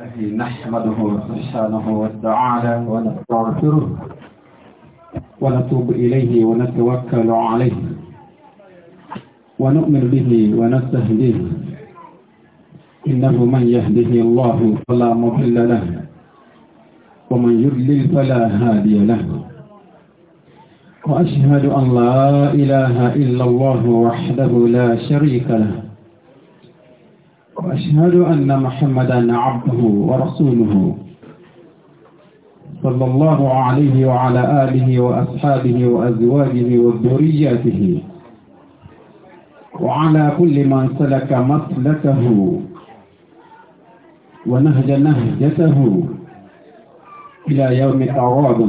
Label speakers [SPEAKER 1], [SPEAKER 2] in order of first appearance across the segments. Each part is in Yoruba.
[SPEAKER 1] نحمده سبحانه وتعالى ونستغفره ونتوب إليه ونتوكل عليه ونؤمن به ونستهديه إنه من يهده الله فلا مضل له ومن يضلل فلا هادي له وأشهد أن لا إله إلا الله وحده لا شريك له وأشهد أن محمدا عبده ورسوله صلى الله عليه وعلى آله وأصحابه وأزواجه وذرياته وعلى كل من سلك مسلكه ونهج نهجته إلى يوم أراضٍ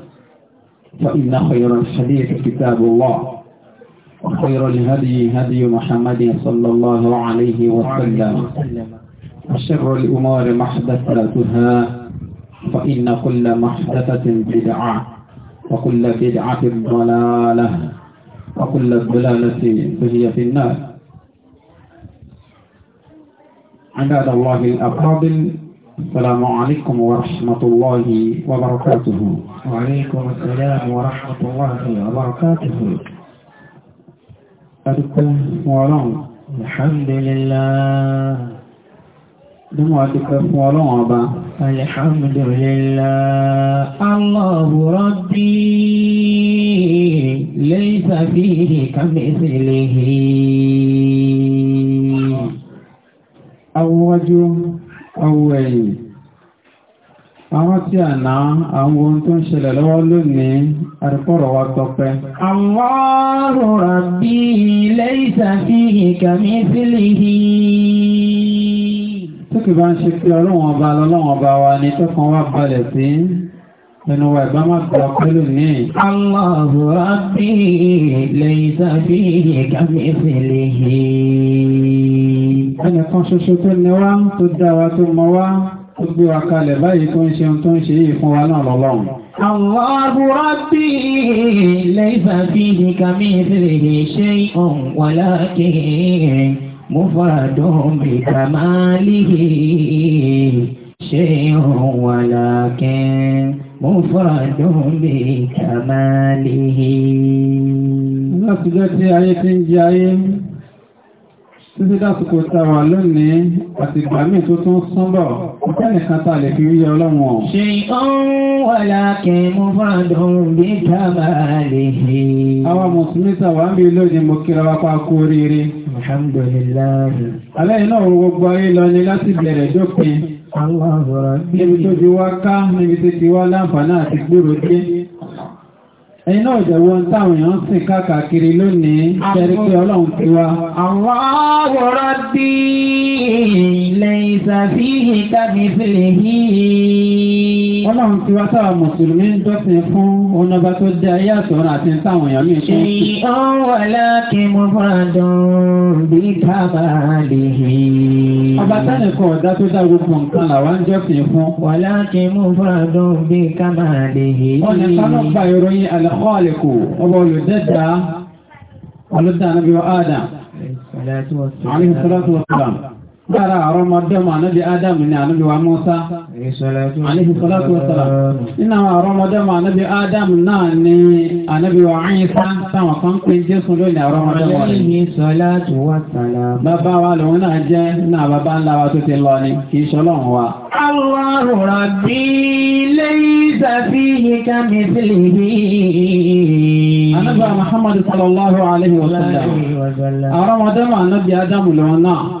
[SPEAKER 1] فإن خير الحديث كتاب الله وخير الهدي هدي محمد صلى الله عليه وسلم وشر الأمور محدثاتها فإن كل محدثة بدعة وكل بدعة ضلالة وكل ضلالة فهي في النار عباد الله الأفاضل السلام عليكم ورحمة الله وبركاته وعليكم السلام ورحمة الله وبركاته أدكم ولون الحمد لله دم أدكم ولون أبا الحمد لله الله ربي ليس فيه كمثله أوجه ọwọ́ ẹ̀yìn àwọn tí a ná àwọn ohun tó ń ṣẹlẹ̀ lọ́wọ́ lónìí àrípọ̀rọ̀ wa tọpẹ́. Allahu Rabbi laysa fihi kamithlihi. tókè bá ń ṣe pé ọlọ́wọ́n ọba lọ́lọ́wọ́n ọba wa ni tọ́kàn wá balẹ̀ sí ẹnu wa ìbá má sọ pẹ́lú ní. Allahu Rabbi laysa fihi kamithlihi ẹnìkan ṣoṣo tó ní wá tó dá wa tó mọ wá tó gbé wa kalẹ̀ báyìí tó ń ṣe tó ń ṣe yìí fún wa náà lọ́lọ́run. Allahu rabbi laysa fihi kamithlihi shay'un walakin mufradun ń jẹ ayé títí dásìkò tàwà lónìí àti ìgbàmí tó tún súnbọ̀ ọ̀tẹ́nìkan tà lè fi rí ọlọ́run ọ̀. ṣe ọ̀hún wà láàkẹ́ mú fàdùn bí kábà lè ṣe. àwọn mùsùlùmí tàwà ń bí lóde mo kíra alhamdulillah. alẹ́ iná òun gbogbo ayé lọ ni láti ẹ̀yin náà jẹ̀wọ́ táwọn èèyàn sì káàkiri lónìí jẹ́rí pé ọlọ́run ti wá. àwọn àwòrán bí ilẹ̀ ìsàfihì tàbí sílẹ̀ yìí ọlọ́run ti wá sáwà mùsùlùmí dọ́sìn fún ọ̀nàbà tó dé ayé àtọ̀run àti táwọn èèyàn mi fún. ṣe ó wà láti mú fàdùn bí kábà lè hì. ọba sánìkan ọ̀dá tó dá gbogbo nǹkan làwọn ń jọ́sìn fún. wà láti mú fàdùn bí kábà lè hì. ọ̀nà sánà gba ìròyìn al-Khaliq ọba olùdẹ́dà olùdá anábíwá Adam. alayhi salatu wa salam. Dára àwọn ọmọdémọ ànábì Ádámù ni ànábì wa Mọ́sá. Àléhi Sọlátù Wọ́sọ̀lá. Nínú àwọn ọmọdémọ ànábì Ádámù náà ni ànábì wa Ayínsá táwọn kan pé Jésù lónìí àwọn ọmọdémọ rẹ̀. Àléhi Sọlátù Wọ́sọ̀lá. Bàbá wa lòun náà jẹ́ náà bàbá ńlá wa tó ti lọ ni kì Muhammad sallallahu alayhi wa sallam. Àwọn ọmọdémọ ànábì Ádámù lòun náà.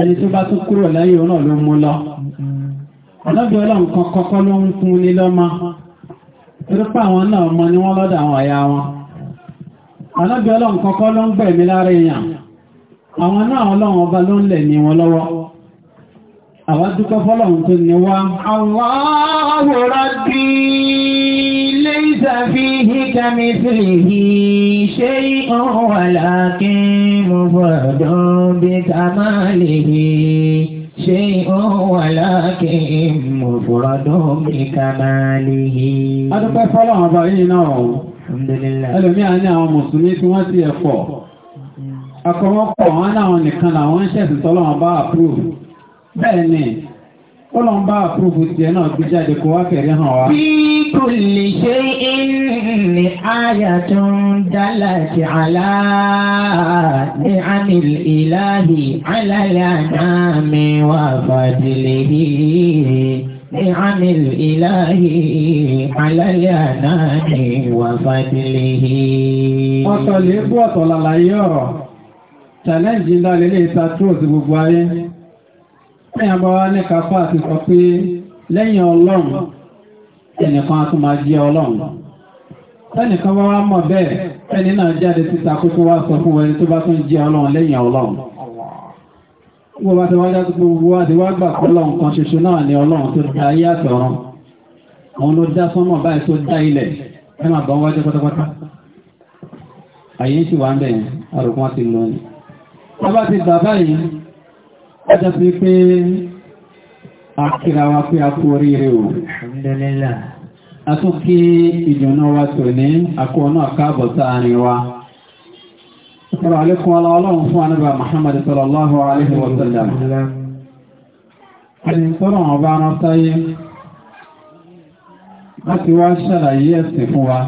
[SPEAKER 1] ẹni tó bá tún kúrò lẹ́yìn náà ló mú lọ ọlọ́bẹ̀ ọlọ́run kan kọ́kọ́ ló ń fún ní lọ́mọ torípa àwọn náà mọ ni wọ́n lọ́dọ̀ àwọn ọ̀yá wọn ọlọ́bẹ̀ ọlọ́run kọ́kọ́ ló ń gbẹ̀mí lára فيه كمثله شيء ولكن مفرد بكماله شيء ولكن مفرد بكماله adúpẹ́ fọ́lọ́run ọba yìí náà ẹlòmíà ní àwọn mùsùlùmí tí wọ́n ti ẹ̀fọ́ akọwọ́pọ̀ wọn náà nìkan làwọn ń ṣẹ̀sìn tọ́lọ́run ọba approve bẹ́ẹ̀ ni Ọlọ́run bá àpúrúfù ti ẹ̀ náà gbé jáde kó wá fẹ̀rí hàn wá. Bí kò lè ṣe ìrìnlẹ̀ ayà tó ń dálà sí àlá ní àmìl ìláhì àdámi wà fàdílẹ̀ yìí. Ní àmìl ìláhì alálẹ́ àdámi wà fàdílẹ̀ yìí. Ọ̀tọ̀ lè bú ọ̀tọ̀ làlàyé ọ̀rọ̀. Challenge ńlá lélẹ́ta tó ti gbogbo ayé. Ẹ̀yàn bá wá ní kápá àti sọ pé lẹ́yìn ọlọ́run, ẹnìkan tún máa jẹ́ ọlọ́run. Ẹnìkan bá wá mọ̀ bẹ́ẹ̀, ẹni náà jáde títa kó tó wá sọ fún ẹni tó bá tún jẹ́ ọlọ́run lẹ́yìn ọlọ́run. Wọ́n bá ti wá jáde gbogbo wá ti wá gbà pọ́lọ́run kan ṣoṣo náà ni ọlọ́run tó dá ayé àtọ̀run. Òun ló dá sánmọ̀ báyìí tó dá ilẹ̀, ẹ máa bọ́ wájú pátápátá. Àyè ń sì wá ń bẹ̀yẹn, àròkún wá ọjọ́ sí pé àkíra wa pé a kú oríire o alhamdulillah a tún kí ìjọ̀nà wa tò ní àkó náà káàbọ̀ sáàrin wa ọ̀rọ̀ alẹ́kùn ọlọ́run fún anábà Muhammad sallallahu alaihi wa sallam ẹni tọ́rọ̀ ọba rán sáyé láti wá ṣàlàyé ẹ̀sìn fún wa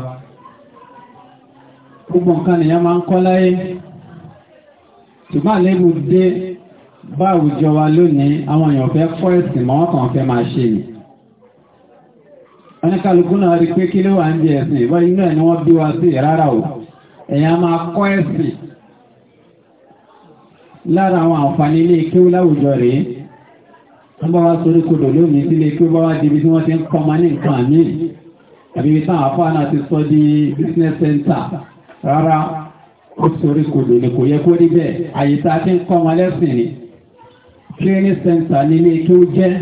[SPEAKER 1] gbogbo nǹkan nìyẹn máa ń kọ́ láyé ṣùgbọ́n lẹ́nu dé bá àwùjọ wa lónìí àwọn èèyàn fẹ́ kọ́ ẹ̀sìn mọ́ kàn fẹ́ máa ṣe yìí oníkàlùkù náà rí pé kí ló wà ń di ẹ̀sìn ìbá inú ẹ̀ ni wọ́n bí wa sí rárá o èèyàn máa kọ́ ẹ̀sìn lára àwọn àǹfààní ilé kíó láwùjọ rèé wọ́n bá wá sórí kodò lónìí sílé kí ó bá wá débi tí wọ́n ti ń kọ́ ọmọ ní nǹkan àmì àbí táwọn afáà náà ti sọ di business center rárá ó sórí kodò ni kò yẹ kó rí bẹ́ẹ̀ àyè tá a ti ń kọ́ ọmọ lẹ́sìn ni training center nílé tó jẹ́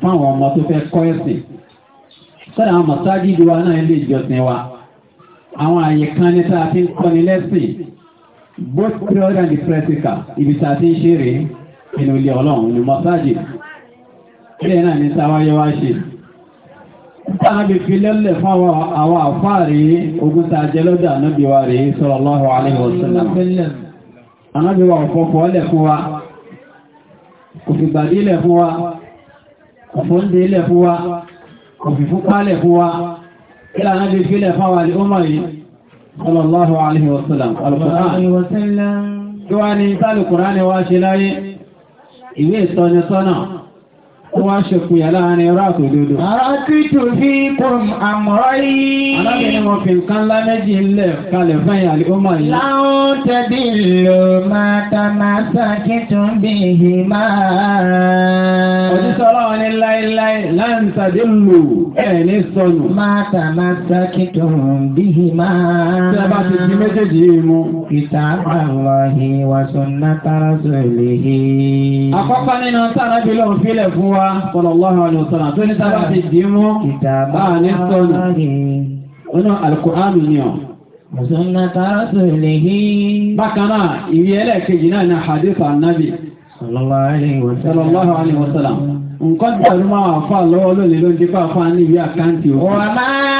[SPEAKER 1] fáwọn ọmọ tó fẹ́ kọ́ ẹ̀sìn sọ́dọ̀ àwọn mọ̀sájídì wa náà ilé ìjọsìn wa àwọn àyè kan ní tá a ti ń kọ́ni lẹ́sìn both theory and practical ibi tá a ti ń ṣe rèé inú ilé ọlọ́run ní mọ̀sájídì ilé náà ní táwáyé wá ṣe Táàbí fi lẹ́lẹ̀ fún àwọn àfáà rí ogun ta jẹ lọ́dà náà bí wa rí sallallahu alaihi wasallam. Ànábí wa ọ̀fọ́fọ́ kò fi gbàdí ilẹ̀ fún wa kò fún dé ilẹ̀ fún wa kò fi fún pálẹ̀ fún wa ilẹ̀ anábi fílẹ̀ fún wa al'umma yìí sallallahu alaihi wasallam al-Qur'an wọ́n ṣe kúyà láàrin ẹ̀rọ àtòdodo. Ara tí tò fi kùn àmọ́rọ́ yìí. Alábẹ̀ni wọn fi nǹkan ńlá méjì ńlẹ̀ kalẹ̀ fún ìyàlẹ́ ọmọ yìí. Láwọn tẹ̀bí lò máa ta máa sàkí tún bí ìhì máa. Òjísọ́lá wọn ní láíláí láǹtàdé lò ẹ̀ ní sọnù. Máa ta máa sàkí tún bí ìhì máa. Tí a bá ti di méjèèjì yìí mú. Ìta àlọ́ yìí wàásù náà tààrà lè he. Àkọ́kọ́ nínú sára bí lóun fílẹ̀ fún wa wa sallallahu alaihi wasallam tó ní sábà ti dì í mọ́ láàrin sọ́nù ọ̀nà alukùránù ni ọ̀. Mùsùlùmí tààrà tó lè hí. Bákan náà, ìwé ẹlẹ́ẹ̀kejì náà ni Hadith Annabi. Sallallahu alaihi wasallam. Nǹkan tí a ló máa fà lọ́wọ́ lónìí ló ń dípà fún ní ìwé àkáǹtì òkú. Wà máa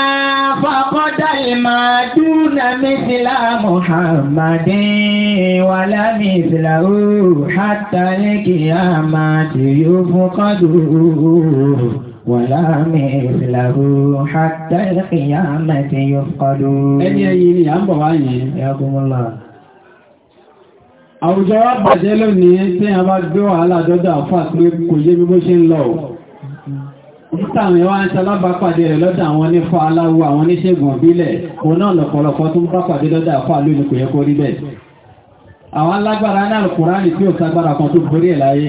[SPEAKER 1] fàkọ́dá ìmàdúnà mẹ́sìlá Mùhàmmadé wà lámì ìsìlá ooo hátàlẹ́ kí a máa tí yóò fún kọ́dù ooo wà lámì ìsìlá ooo hátàlẹ́ kí a máa tí yóò kọ́dù. Ẹni ẹ̀yìn ni à ń bọ̀ wá yìí. Ẹkùnmọ́lá. Àwùjọ wa bàjẹ́ lónìí tí a bá gbé wàhálà dọ́dọ̀ àfà pé kò yé bí bó ṣe ń lọ. Ìtàwọn ìwá ń ṣalábàápàdé rẹ̀ lọ́dà àwọn onífà aláwo àwọn oníṣègùn ìbílẹ̀, òun náà lọ̀pọ̀lọpọ̀ tó ń bá pàdé lọ́dà àfà lónìí kò yẹ kó rí bẹ́ẹ̀. Àwọn alágbára ní Al-Kùránì tí ò sagbára kan tó borí ẹ̀ láyé.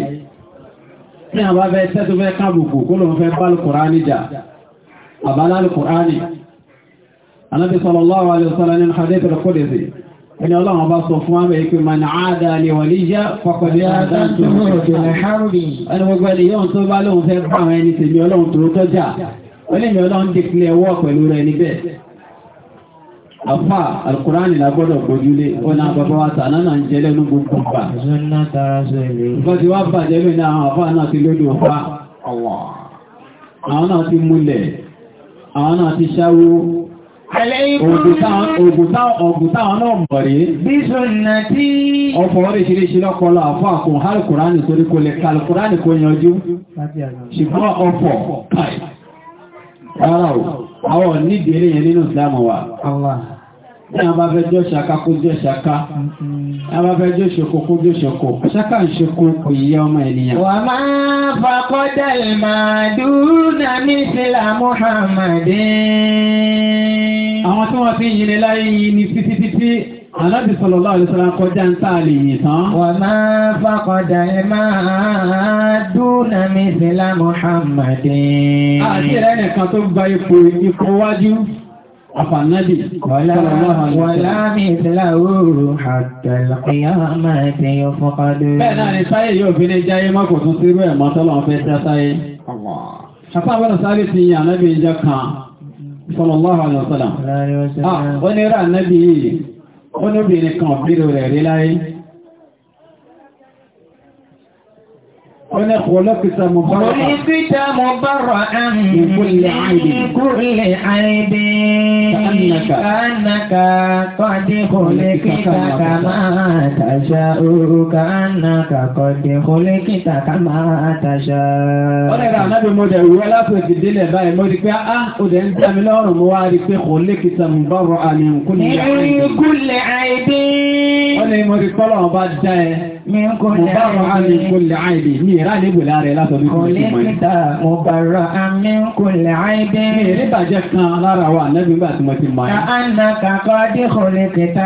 [SPEAKER 1] Tí àwọn bá fẹ́ tẹ́ tó fẹ́ kábùkù kó lóun fẹ́ bá Al-Kùránì jà, àbálá Al-Kùránì. Ànábì sallallahu alaihi wasallam nínú hadith al-Qudsi Ẹni ọlọ́run bá sọ fún àmì ìpé ma ní àádá lè wà ní yá fọ́kọ̀dé àdájú ẹni gbogbo ẹni yóò tó bá lóun fẹ́ bá àwọn ẹni tèmi ọlọ́run tó tọ́jà olèmi ọlọ́run dìklẹ̀ wọ́ pẹ̀lú rẹ̀ níbẹ̀. Àfà Alkùránì la gbọ́dọ̀ gbójúlé, ó náà bàbá wa tàná náà ń jẹ lẹ́nu gbogbo gbà. Bọ́n ti wá bàjẹ́ lónìí àwọn àfà náà ti lódì ọ̀fà. Àwọn náà ti múlẹ̀, àwọn náà ti ṣáwó, Ògùn táwọn náà mọ̀ rí. Bísọ̀nà tí. Ọ̀pọ̀ oríṣiríṣi lọ́kọlọ àfọ́ àkùn Alkùránì torí kò lè kàlùkùránì kò yanjú. Ṣùgbọ́n ọ̀pọ̀ káì. Rárá o, àwọn nídìí eré yẹn nínú ìsìlámù wa. Ní a bá fẹ́ jọ́ ṣaka kó jọ́ ṣaka. A bá fẹ́ jọ́ àwọn tí wọ́n fi ń yin láyé yìí ní títí títí alábi sọ̀rọ̀ lọ́wọ́ ìṣẹ́ra kọjá ń tà lè yìn tán. wà máa fàkọ̀dà ẹ máa dúnà mí sílá Muhammadu. àti ẹ̀rẹ́ tó gba ipò ipò wájú àfànàbì wàlá mi sílá òòrùn àtẹ̀lẹ̀ ìyáàmà ẹ̀tẹ̀ yóò fọ́kọ́dé. bẹ́ẹ̀ náà ni sáyé yóò fi ní jáyé mọ́kùnkùn sírú ẹ̀ mọ́tọ́lọ́ fẹ́ sẹ́ sáyé. àfáwọn sáré sallallahu alaihi wasallam. Wọ́n ah, ní rà náà bí i, ó ní obìnrin kan bírò rẹ̀ rí láyé. Wọ́n kọ̀lọ́kìtà mọ̀ bára. Kọ̀lọ́kìtà mọ̀ bára àmì kúrò àìdí. Kánàkà kọ́dé kọ̀lọ́kìtà kàmá àtàṣà òru kánàkà kọ́dé kọ̀lọ́kìtà kàmá àtàṣà. Wọ́n lè ra ànábì mo dẹ̀ wúwẹ́ láti fi délẹ̀ báyìí mo rí pé á ah, ó dẹ̀ ń dá mi lọ́rùn mo wá rí pé kọ̀lọ́kìtà mọ̀ bára àmì kúrò Mọ̀bára àmì kòlẹ̀ àìdè ní ìrá nígbò láàrẹ látọ̀bí kò sí mọ̀. Kòlẹ́ta mọ̀bára àmì kòlẹ̀ àìdè. Ní ìrìbàjẹ́ kan lára wà nẹ́gbìngbà tí mo ti mọ̀ yá. Àánà kàkọ́ dé kòlẹ̀ kẹta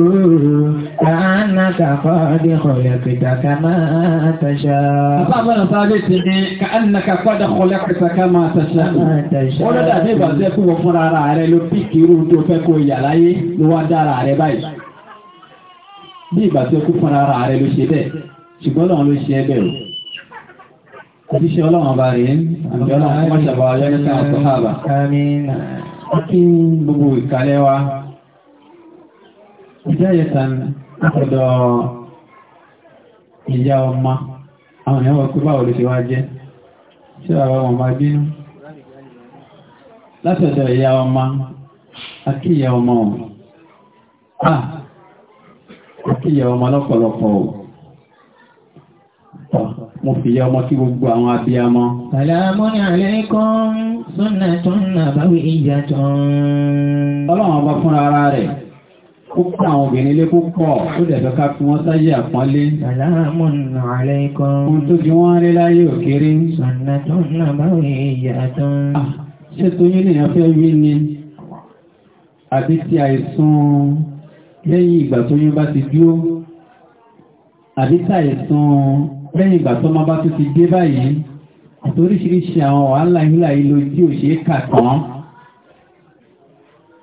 [SPEAKER 1] كأنك قد خلقت كما تشاء أصابنا ثابت كأنك قد خلقت كما تشاء wọ́n dàbí ìbàjẹ́ fún wọn fúnra ara rẹ̀ ló bí kiri tó fẹ́ kó ìyà láyé ló wá dára rẹ̀ báyìí bí ìbàjẹ́ kú fúnra ara rẹ̀ ló ṣe bẹ́ẹ̀ ṣùgbọ́n lọ́wọ́n ló ṣe ẹgbẹ́ o òṣìṣẹ́ ọlọ́run bá rí àjọ́lá wọ́n ṣàbọ̀ ayọ́ nípa ìjáyẹta ọ̀dọ̀ ìyá ọmọ àwọn èèyàn wọ́n pé báwo lè ṣe wá jẹ́ ṣe àwọn ọmọ bá bínú láti ọ̀dọ̀ ìyá ọmọ àti ìyá ọmọ ọ̀hún ah àti ìyá ọmọ lọ́pọ̀lọpọ̀ ò mo fi yẹ ọmọ kí gbogbo àwọn abiyamọ. Salamun alaykum sunnatun nabawiyatun. Ọlọ́run ọba fúnra ara rẹ̀. Kókó àwọn obìnrin lé púpọ̀ ó dẹ̀ fẹ́ká fún wọn sáyé àpọ́nlé. Sàlámù aláìkọ́m. Ohun tó ju wọ́n rí láyé òkèrè. Sọ̀nà tó ń nà báwo ìyá tán. Ah, ṣé toyún nìyẹn fẹ́ wí ni? Àbí ti àìsàn lẹ́yìn ìgbà tóyún bá ti dúró? Àbí ti àìsàn lẹ́yìn ìgbà tó máa bá tó ti dé báyìí? Àti oríṣiríṣi àwọn wàhálà ìlà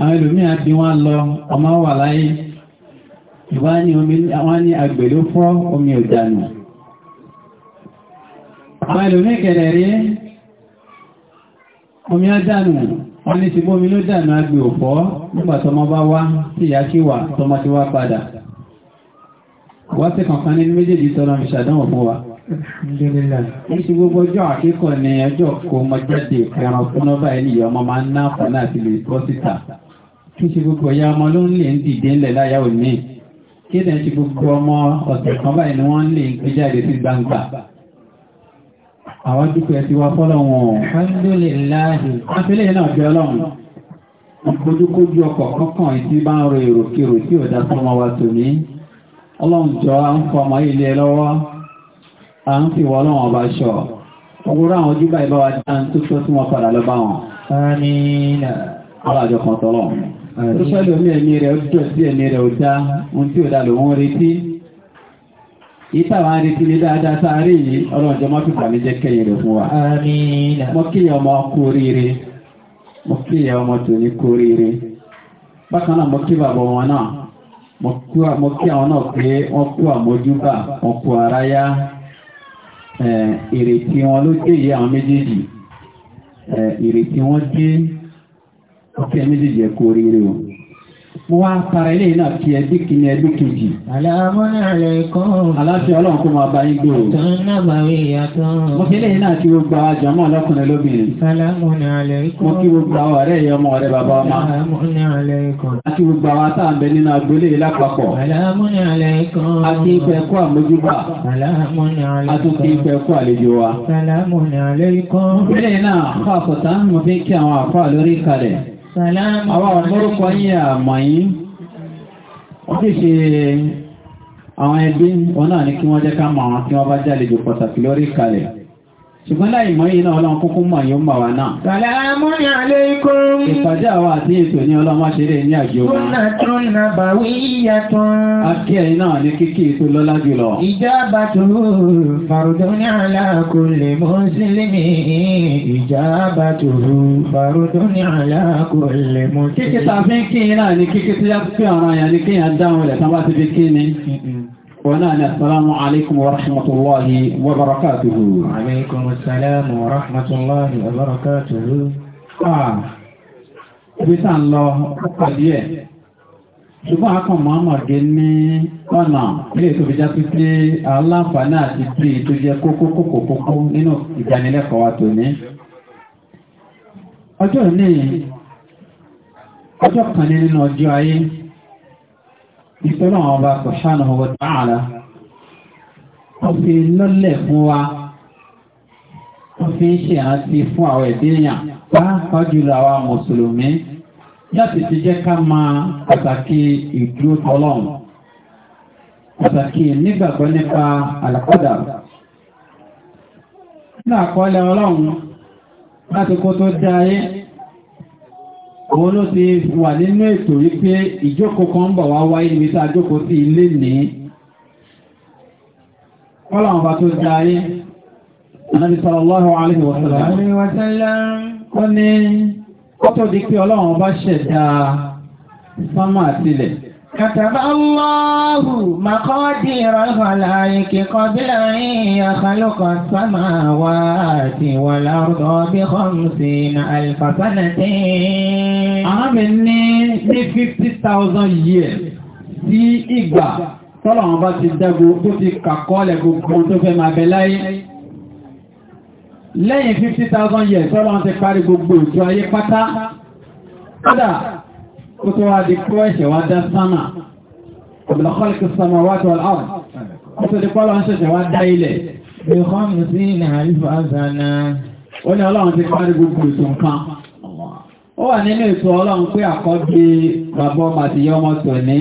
[SPEAKER 1] àwọn ẹlòmíà bí wọ́n lọ ọmọ wà láyé wọ́n ní agbèlú fọ́ omi òdànù àwọn ẹlòmíà kẹ̀rẹ̀ rí omi òdànù wọ́n ní ti bómi ló dànù agbè òfọ́ nígbàtọ́mọ bá wá sí ìyá kí wà tọ́mọ ti wá padà wọ́n ti kànkan nínú méjèèjì tọ́lọ ní ti gbogbo ọjọ́ àkíkọ̀ ni ọjọ́ kó mọ jáde ẹran fún ọba ẹni ìyá máa ń ná àpọ̀ náà lè bọ́ síta kí ṣe gbogbo ọ̀yá ọmọ ló ń lè ń dìde ńlẹ̀ láyá òní kí ẹ̀dẹ̀ ṣe gbogbo ọmọ ọ̀sẹ̀ kan báyìí ni wọ́n ń lè ń pé jáde sí gbangba àwọn dúpẹ́ ti wá fọ́lọ̀ wọn alhamdulillahi afẹ́lẹ́ náà jẹ́ ọlọ́run ìgbójúkójú ọkọ̀ kọ́kàn ìtí bá ń ro èròkèrò tí ò dá sọmọ wa tò ní ọlọ́run jọ à ń fọ ọmọ ilé lọ́wọ́ à ń fi wọ́n lọ́wọ́ ọba ṣọ ọgbọ́rọ̀ àwọn ojú báyìí bá wa dá ń tó tó tí wọ́n padà lọ bá wọn. àmín. ọlọ́jọ́ kan tọ́lọ́run. Oríṣẹ́lò ní ẹ̀mí rẹ̀ ó dùn sí ẹ̀mí rẹ̀ ó dá ohun tí ó dá lòun retí. Ìtàwọn arétí ní dáadáa sáré yìí, ọlọ́jọ́ mọ́ ní jẹ́ kẹyìn rẹ̀ fún wa. Mọ́ kíyà ọmọ kú oríire, mọ́ ọmọ tò ní Bákan náà kí bàbá wọn náà, kí àwọn náà pé wọ́n kú àmójúbà, wọ́n kú aráyá. Ìrètí wọn ló dé yìí àwọn méjèèjì. Ìrètí ọkẹ méjèèjì ẹkọ oríire o mo wá para ilé náà kí ẹbí kìíní ẹbí kejì. aláàmúlẹ̀ rẹ̀ kọ́. aláṣẹ ọlọ́run kó máa bá yín gbòòrò. mo fi eléyìí náà kí gbogbo àwọn jọmọ ọlọ́kùnrin lóbìnrin. mo kí gbogbo àwọn ọ̀rẹ́ ìyá ọmọ ọ̀rẹ́ bàbá ọmọ. a kí gbogbo àwọn tá nínú agboolé lápapọ̀. a kí ìfẹ́ kó àmójúbà. a tún kí ìfẹ́ kó àlejò wa. aláàmúlẹ̀ náà fún àfọ̀tán mo fi ń kí àwọn àfọ̀ àlórí kalẹ̀ sàlámù. Àwọn àmúrúkọ yìí àmọ̀ yìí, wọ́n kìí ṣe àwọn ẹbí wọn náà ní kí wọ́n jẹ́ ká mọ̀ àwọn tí wọ́n bá jálejò pàtàkì lórí kalẹ̀ ṣùgbọ́n láì mọ́ yìí náà ọlọ́run kúkú mọ̀ yóò mọ̀ wá náà. Salamun alaykum. ìpàdé àwọn àti ètò ní ọlọ́mọ ṣeré ní àjò wọn. kúnà tún nà bàwí yàtọ̀. akíyẹ̀ náà ní kíkí ètò lọ́lá jùlọ. ìjábà tó fardun ala kulli muslimi. ìjábà tó fardun ala kulli muslimi. kíkí tàbí kí náà ní kíkí tó yá ونحن السلام عليكم ورحمة الله وبركاته عليكم السلام ورحمة الله وبركاته آه بسان الله قدية ṣùgbọ́n akọ̀ mọ́mọ̀ gẹ ní ọ̀nà ilé tó fi já sí pé aláǹfààní àti bí tó jẹ kókó kókó kókó nínú ìdánilẹ́kọ̀ọ́ wa tòní ọjọ́ ní ọjọ́ kan nínú ọjọ́ ayé ìṣọ́nà ọba subhanahu wa ta'ala wọ́n fi lọ́lẹ̀ fún wa wọ́n fi ń ṣe àti fún àwọn ẹ̀dẹ́ èèyàn pàápàá jùlọ àwa mùsùlùmí láti ti jẹ́ ká máa pàtàkì ìdúró tọ́lọ́run pàtàkì nígbàgbọ́ nípa àlàkọ́dà ní àkọọ́lẹ̀ ọlọ́run láti kó tó dá ayé òun ló ti wà nínú ètò wípé ìjókòó kan ń bọ̀ wá wáyé níbi tá a jókòó sí ilé ní kọ́lá bá tó dá ayé anábi sallallahu alaihi wa sallam ó ní ó tó di pé ọlọ́run bá ṣẹ̀dá sánmà àtilẹ̀ كتب الله مقادير الخلائق قبل أن يخلق السماوات والأرض بخمسين ألف سنة Arábìnrin ní ní 50,000 years sí ìgbà tọ́lọ̀ wọn bá ti dẹ́gbò tó ti kàkọ́ọ̀lẹ̀ gbogbo tó fẹ́ máa bẹ láyé. Lẹ́yìn 50,000 years tọ́lọ̀ wọn ti parí gbogbo ìjọ ayé pátá. Kódà ó tó wá di kó ẹ̀ṣẹ̀ wá dá sánà ọ̀bìnà kọ́lẹ̀kì sánà wá tó ọ̀rọ̀ ó tó di kọ́lọ̀ ń ṣẹ̀ṣẹ̀ wá dá ilẹ̀ bí kọ́mù sí ní àlùfà zana ó ní ọlọ́run ti parí gbogbo ètò nǹkan ó wà nínú ètò ọlọ́run pé àkọ́bí bàbá ọmọ àtìyá ọmọ tọ̀ ní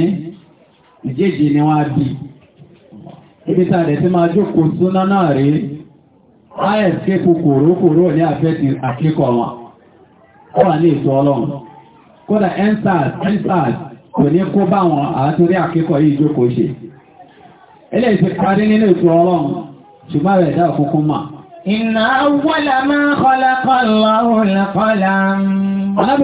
[SPEAKER 1] ìjéjì ni wọ́n á bì ibi tá a dẹ̀ ti máa jókòó súná náà rí áyẹ̀ kòkòrò kòrò ní àfẹ́ àkíkọ̀ wọn ó wà ní ètò ọlọ́run kódà ensars ensars kò ní kó bá wọn àtúrí àkíkọ̀ yìí jókòó ṣe ilé ìfẹ́ parí nínú ìtò ọlọ́run ṣùgbọ́n rẹ̀ dá òkúnkún mà Inna awwala ma khalaqa Allahu al-qalam. Ànábì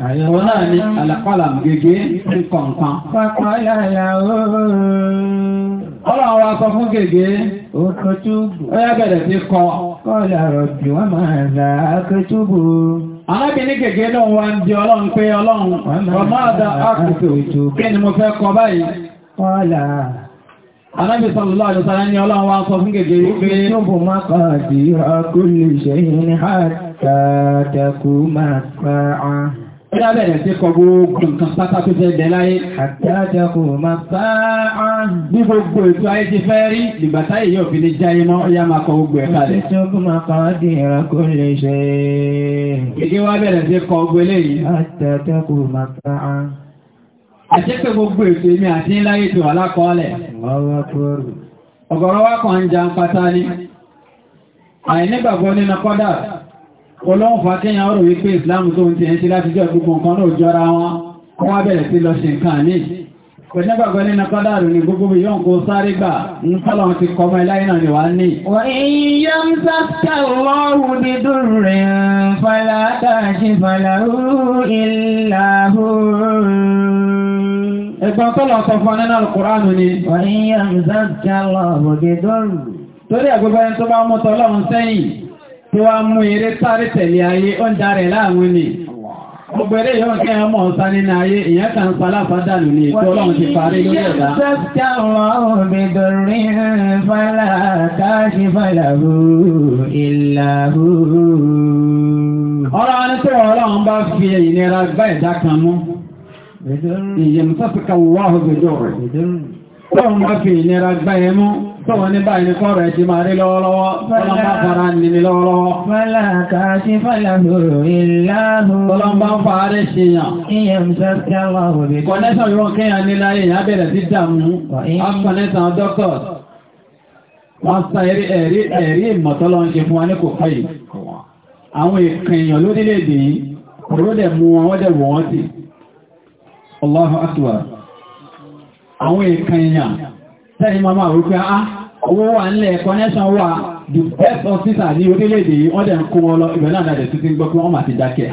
[SPEAKER 1] Òun náà ni àlàkọ́là gègé ní kọ̀ǹkan. Pàpàlà ìyàwó. Ọlọ́run wa sọ fún gègé. Òkòtúbù. Ó yá bẹ̀rẹ̀ sí kọ. Kọ́lá rọ̀bì wọ́n máa là ákòtúbù. Arábìnrin gègé náà wá ń di ọlọ́run pé ọlọ́run. Wọ́n máa Kí ni mo fẹ́ kọ báyìí? Kọ́lá. ní ọlọ́run wa sọ fún gègé wípé. Òkòtúbù má kọ́ àdìrà kó Bí a bẹ̀rẹ̀ sí kọ gbogbo nǹkan pátá tó fẹ́ bẹ̀ láyé. Àjájá kò máa sáà ní gbogbo ètò ayé ti fẹ́ rí ìgbàtá èyí ò fi lè jáyé mọ́ ọyá máa kọ gbogbo ẹ̀ka rẹ̀. Òṣìṣẹ́ kó máa kọ́ di ìran wa bẹ̀rẹ̀ sí kọ gbogbo eléyìí. Àjájá ń pátá ní. Àìnígbàgbọ́ nínú kọ́dà olóòfà kíyàn ọ̀rọ̀ wípé ìsìláàmù tó ń ti ẹ̀ sí láti jẹ́ gbogbo nǹkan náà jọra wọn wọ́n bẹ̀rẹ̀ sí lọ ṣe nǹkan ní pẹ̀lẹ́gbàgbọ́ nínú kọ́dàrù ní gbogbo yóò kó sáré gbà ń tọ́lọ̀ ti kọmọ iláyé náà ni wà ní. wà ìyá ń sáfẹ́ lọ́rùn torí àgbẹ̀bẹ̀ tó bá mú tọ́lọ́run sẹ́yìn tí wá mú eré sáré tẹ̀lé ayé ó ń darẹ̀ láàrin ni gbogbo yóò kẹ́ ọmọ ọ̀sán nínú ayé ìyẹn kan faláfá dànù ní ètò ti parí lórí ẹ̀dá. sọ́kà wọn ò bẹ dọ̀rí fàlà káàkiri fi ìnira gbá Sọ́wọ́n ní báyìí ní kọ́rọ̀ ẹ̀ṣì máa rí lọ́wọ́lọ́wọ́, ọlọ́mbà fara ní mi lọ́wọ́lọ́wọ́. Fọ́lá kàáṣí fọ́lá hùrù ìlàhù. Ọlọ́mbà ń fa ààrẹ ṣe yàn. Ìyẹn sọ́kẹ́ wà hùrù. Kọ̀nẹ́sàn yóò kéyàn ní láyé ìyá bẹ̀rẹ̀ sí dàmú. Akọ̀nẹ́sàn dọ́kọ̀. Wọ́n sa ẹ̀rí ìmọ̀tọ́lọ́ ń ṣe fún wa ní kò fẹ́ yìí. Àwọn èèyàn lórílẹ̀-èdè tẹ́ni máa máa wípé á ah, owó wà nílẹ̀ connection wà the best hospital ní orílẹ̀-èdè yìí wọ́n dẹ̀ ń kó wọn lọ ìbẹ̀ náà dẹ̀ títí gbọ́ wọ́n máa ti dákẹ́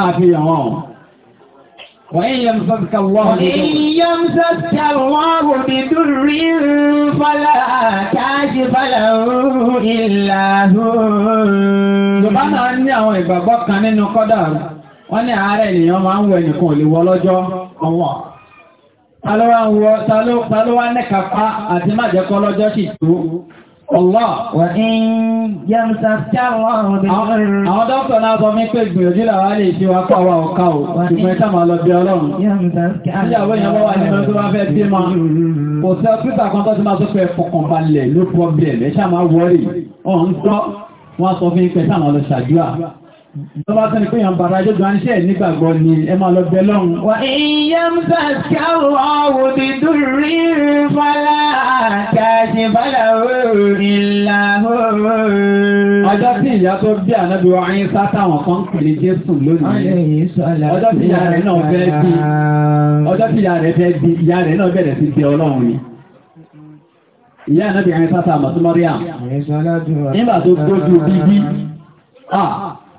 [SPEAKER 1] ààfihàn wọn وإن يمسسك الله بضر فلا كاشف wọ́n ní ààrẹ ènìyàn máa ń wọ ẹnìkan ò lè wọ́ lọ́jọ́ ọwọ́. Tàlọ́wà nẹ́kàpá àti má jẹ́ kọ́ lọ́jọ́ sì tó. Allah. Wà ní Yamsa Sáwọ́ ọ̀dọ́. Àwọn dọ́kítọ̀ náà sọ mí pé gbìyànjú làwà lè ṣe wá pàwà ọ̀ká o. Ṣùgbọ́n ìta máa lọ bí ọlọ́run. Yamsa Sáwọ́. Ìyàwó ìyàwó wà nínú tó wá fẹ́ bí ma. Kò sẹ́ pítà kan tó ti máa tó pẹ́ fọkàn balẹ̀ ló pọ̀ bẹ̀rẹ̀ ṣáà máa wọ́rì. Ọ̀ ń tọ́ wọ́n sọ fún ipẹ́ sáà máa lọ ṣàdúrà. Lọ́wọ́ tó ní pé yàn bàbá jógun àníṣẹ́ nígbàgbọ́ ni ẹ máa lọ bẹ lọ́run. Wà iye ń bá ṣáwọ̀ ọ̀wọ̀ ti dúrí fọ́lá àkàṣì bọ́lá ìlà Ọjọ́ tí ìyá tó bí ànábi wa ayé sátáwọn kan pèlè Jésù lónìí. Ọjọ́ tí ìyá rẹ̀ náà fẹ́ bí ọjọ́ tí ìyá rẹ̀ fẹ́ bí ìyá rẹ̀ náà bẹ̀rẹ̀ sí bí ọlọ́run ni. Ìyá ànábi ayé sátáwọn mọ̀tún mọ́ríàm. Nígbà tó gbójú bíbí. Ah!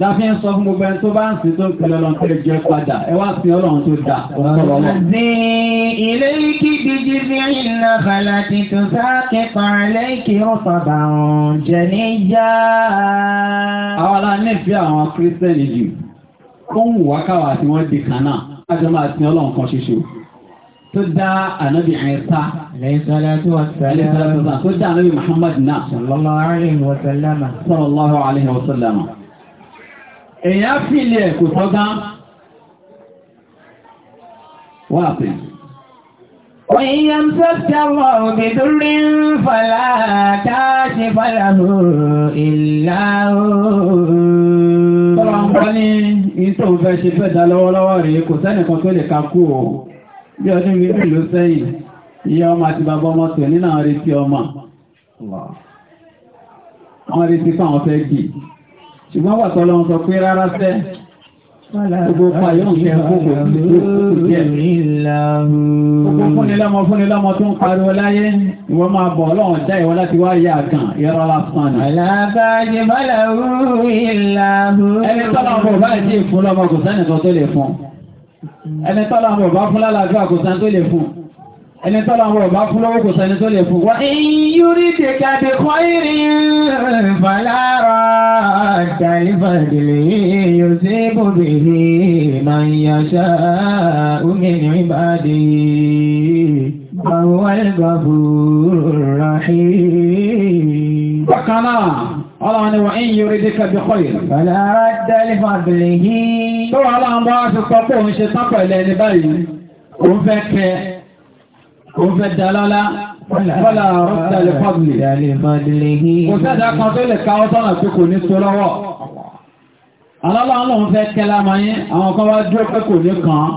[SPEAKER 1] láfi ń sọ fún gbogbo ẹni tó bá ń sin tó ń pẹ̀lú ọlọ́run tẹ́lẹ̀ jẹ́ padà ẹ wá sin ọlọ́run tó dà ọ̀sọ̀rọ̀ ọlọ́run. ní ilé kí gidi bí iná bàlá ti tún sáàkì pàrọ̀lẹ́ kí ó sọ̀bà ọ̀hún jẹ níjà. àwọn aláǹfẹ́ àwọn kírísítẹ́nì yìí kó ń wá káwà tí wọ́n di kan náà lájọ máa sin ọlọ́run kan ṣoṣo tó dá ànábì Ìsá alayhisalatu wassalam tó dá ànábì Muhammad náà sallallahu alayhi wa sallama èyàn fílẹ̀ kò sọ́gán wà pè Wàyíyàn tó tẹ́wọ̀ òbìdúrí ń fàlá káàkì fàlá mú ìlà ooo. Tọ́lá ń kọ́ ní ìtò fẹ́ ṣe fẹ́ dá lọ́wọ́lọ́wọ́ rí kò sẹ́nìkan tó lè kakú o. Bí ọdún méjì ló sẹ́yìn, ìyá ọmọ àti bàbá ọmọ tẹ̀ nínú àwọn retí ọmọ. Wọ́n retí fún àwọn fẹ́ gbìí ṣùgbọ́n wà tọ́lọ ń sọ pé rárá sẹ́ gbogbo pàyọ́ ìṣẹ́ gbogbo gbogbo fúnnilọ́mọ fúnnilọ́mọ tó ń pariwo láyé ìwọ máa bọ̀ ọlọ́run já ìwọ láti wá yà kàn yọrọ lásán náà. alábàájẹ bá ìdí ìfún ẹni tọ́lá àwọn ọ̀bá fún lọ́wọ́ kò sẹni tó lè fún wá. ìyúrí ti kàdé kọ́ ìrìn fàlárà àtàlífàdìlẹ̀ yóò sí bòbèrè máa ń yàṣà òmìnir ìbàdí àwọn ẹgbàbù ráhì. bákan náà ọlọ́run ni wọ́n ń yúrí ti kàdé kọ́ ìrìn. yìí. tó wà láwọn fi pọ́pọ́ òun ṣe tán pẹ̀lú ẹni báyìí òun fẹ́ kẹ́ òun fẹ́ da lọ́lá wọ́lá rọ́tẹ̀lẹ̀ fọ́bìlì kò sẹ́dá kan tó lè káwọ́ sọ́nà tí kò ní tó lọ́wọ́ alọ́lọ́ àwọn òun fẹ́ kẹ́lá mayín àwọn kan wá dúró pé kò ní kàn án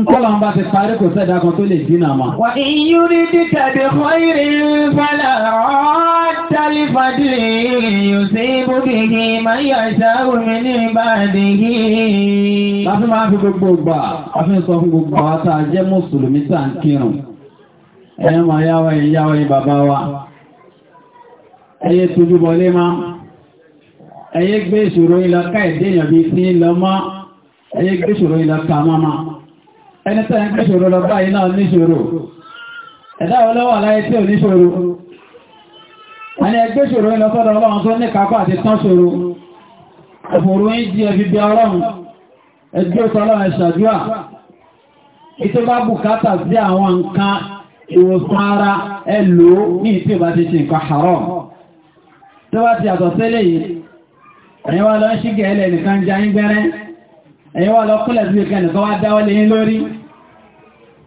[SPEAKER 1] Nkọ́lá ń bá ti parí kò sẹ́dá kan tó lè dínà máa. Wà ìyú ní títà bí kọ́ ìrìn fàlà ọ́tàlì fàdí yóò sí ibùdí kí máa yà ṣáwò mi ní ìbàdí kí. Láti máa fi gbogbo gbà, a sọ fún gbogbo àwọn jẹ́ Mùsùlùmí tá ń kírun. Ẹ ẹni tẹ́yìn pé ṣòro lọ báyìí náà níṣòro ẹ̀dá ọlọ́wọ́ aláyé tí ò níṣòro àní ẹgbẹ́ ṣòro ilẹ̀ sọ́dọ̀ ọlọ́run tó ní kápá àti tán ṣòro ọ̀fòrò ń jí ẹbí bí ọlọ́run ẹgbẹ́ ọlọ́run ṣàdúrà ìtò bá bùkátà sí àwọn nǹkan ìwòsàn ara ẹlò ní ìtì bá ti ṣe nǹkan haram tó bá ti wá lọ ṣígẹ̀ẹ́lẹ̀ nìkan lórí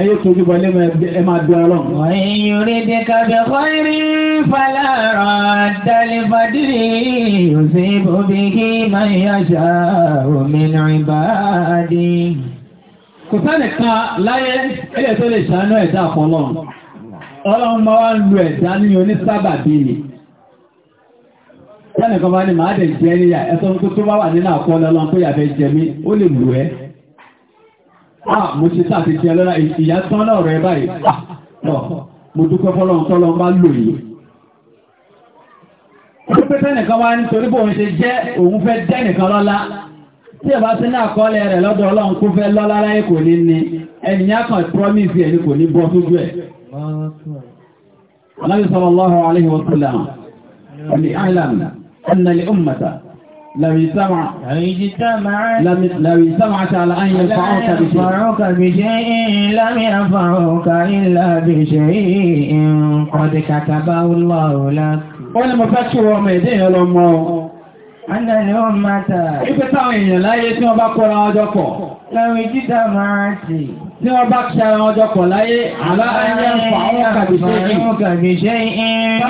[SPEAKER 1] ẹyẹ tójú bọ lé ẹ máa bí ọlọ́run. wọ́n rí di kàbẹ̀ kọ́rí falárọ̀ àdàlẹ́fàdì òsè bòbí kí máa yàṣà òmìnira ìbáàdì. kò sẹ́nì kan láyé ẹyẹ tó lè ṣàánú ẹ̀dá ọ̀pọ̀lọ́run ọlọ́run máa wá ń lu ẹ̀dá ní onísábàbí ni sẹ́nì kan bá ní màá dẹ̀ jẹ́ níyà ẹ̀sọ́ tó bá wà nínú àkọọ́lẹ̀ tó yà fẹ́ jẹ mí ó lè lù ẹ́ Ah, mo ṣe sáà ti ṣe lọ́la ìyá tán náà rẹ̀ báyìí ah, mo dúpẹ́ fọ́lọ́run tọ́lọ́run bá lò yìí ó pé tẹ́nìkan wá nítorí bóun ṣe jẹ́ òun fẹ́ dẹ́nìkan lọ́lá tí ẹ̀bá sí náà kọ́lẹ̀ rẹ̀ lọ́dọ̀ ọlọ́run kó fẹ́ lọ́lá láyé kò ní ní ẹnìyàn kan promise ẹni kò ní bọ́ sójú ẹ̀ Ànábì sallallahu alaihi wa sallam لو اجتمع لو اجتمعت على أن ينفعوك بشيء ينفعوك بشيء لم ينفعوك إلا بشيء قد كتبه الله لك wọ́n mọ̀ fẹ́ kí wọ́n mẹ́dé ọlọ́mọ Anna ni wọ́n máa tàà. Ibi táwọn èèyàn láyé tí wọ́n bá kí ara ọjọ́ pọ̀ láyé, àlá ń fa àwọn kàbíṣẹ́ yìí. Àwọn kàbíṣẹ́ yìí.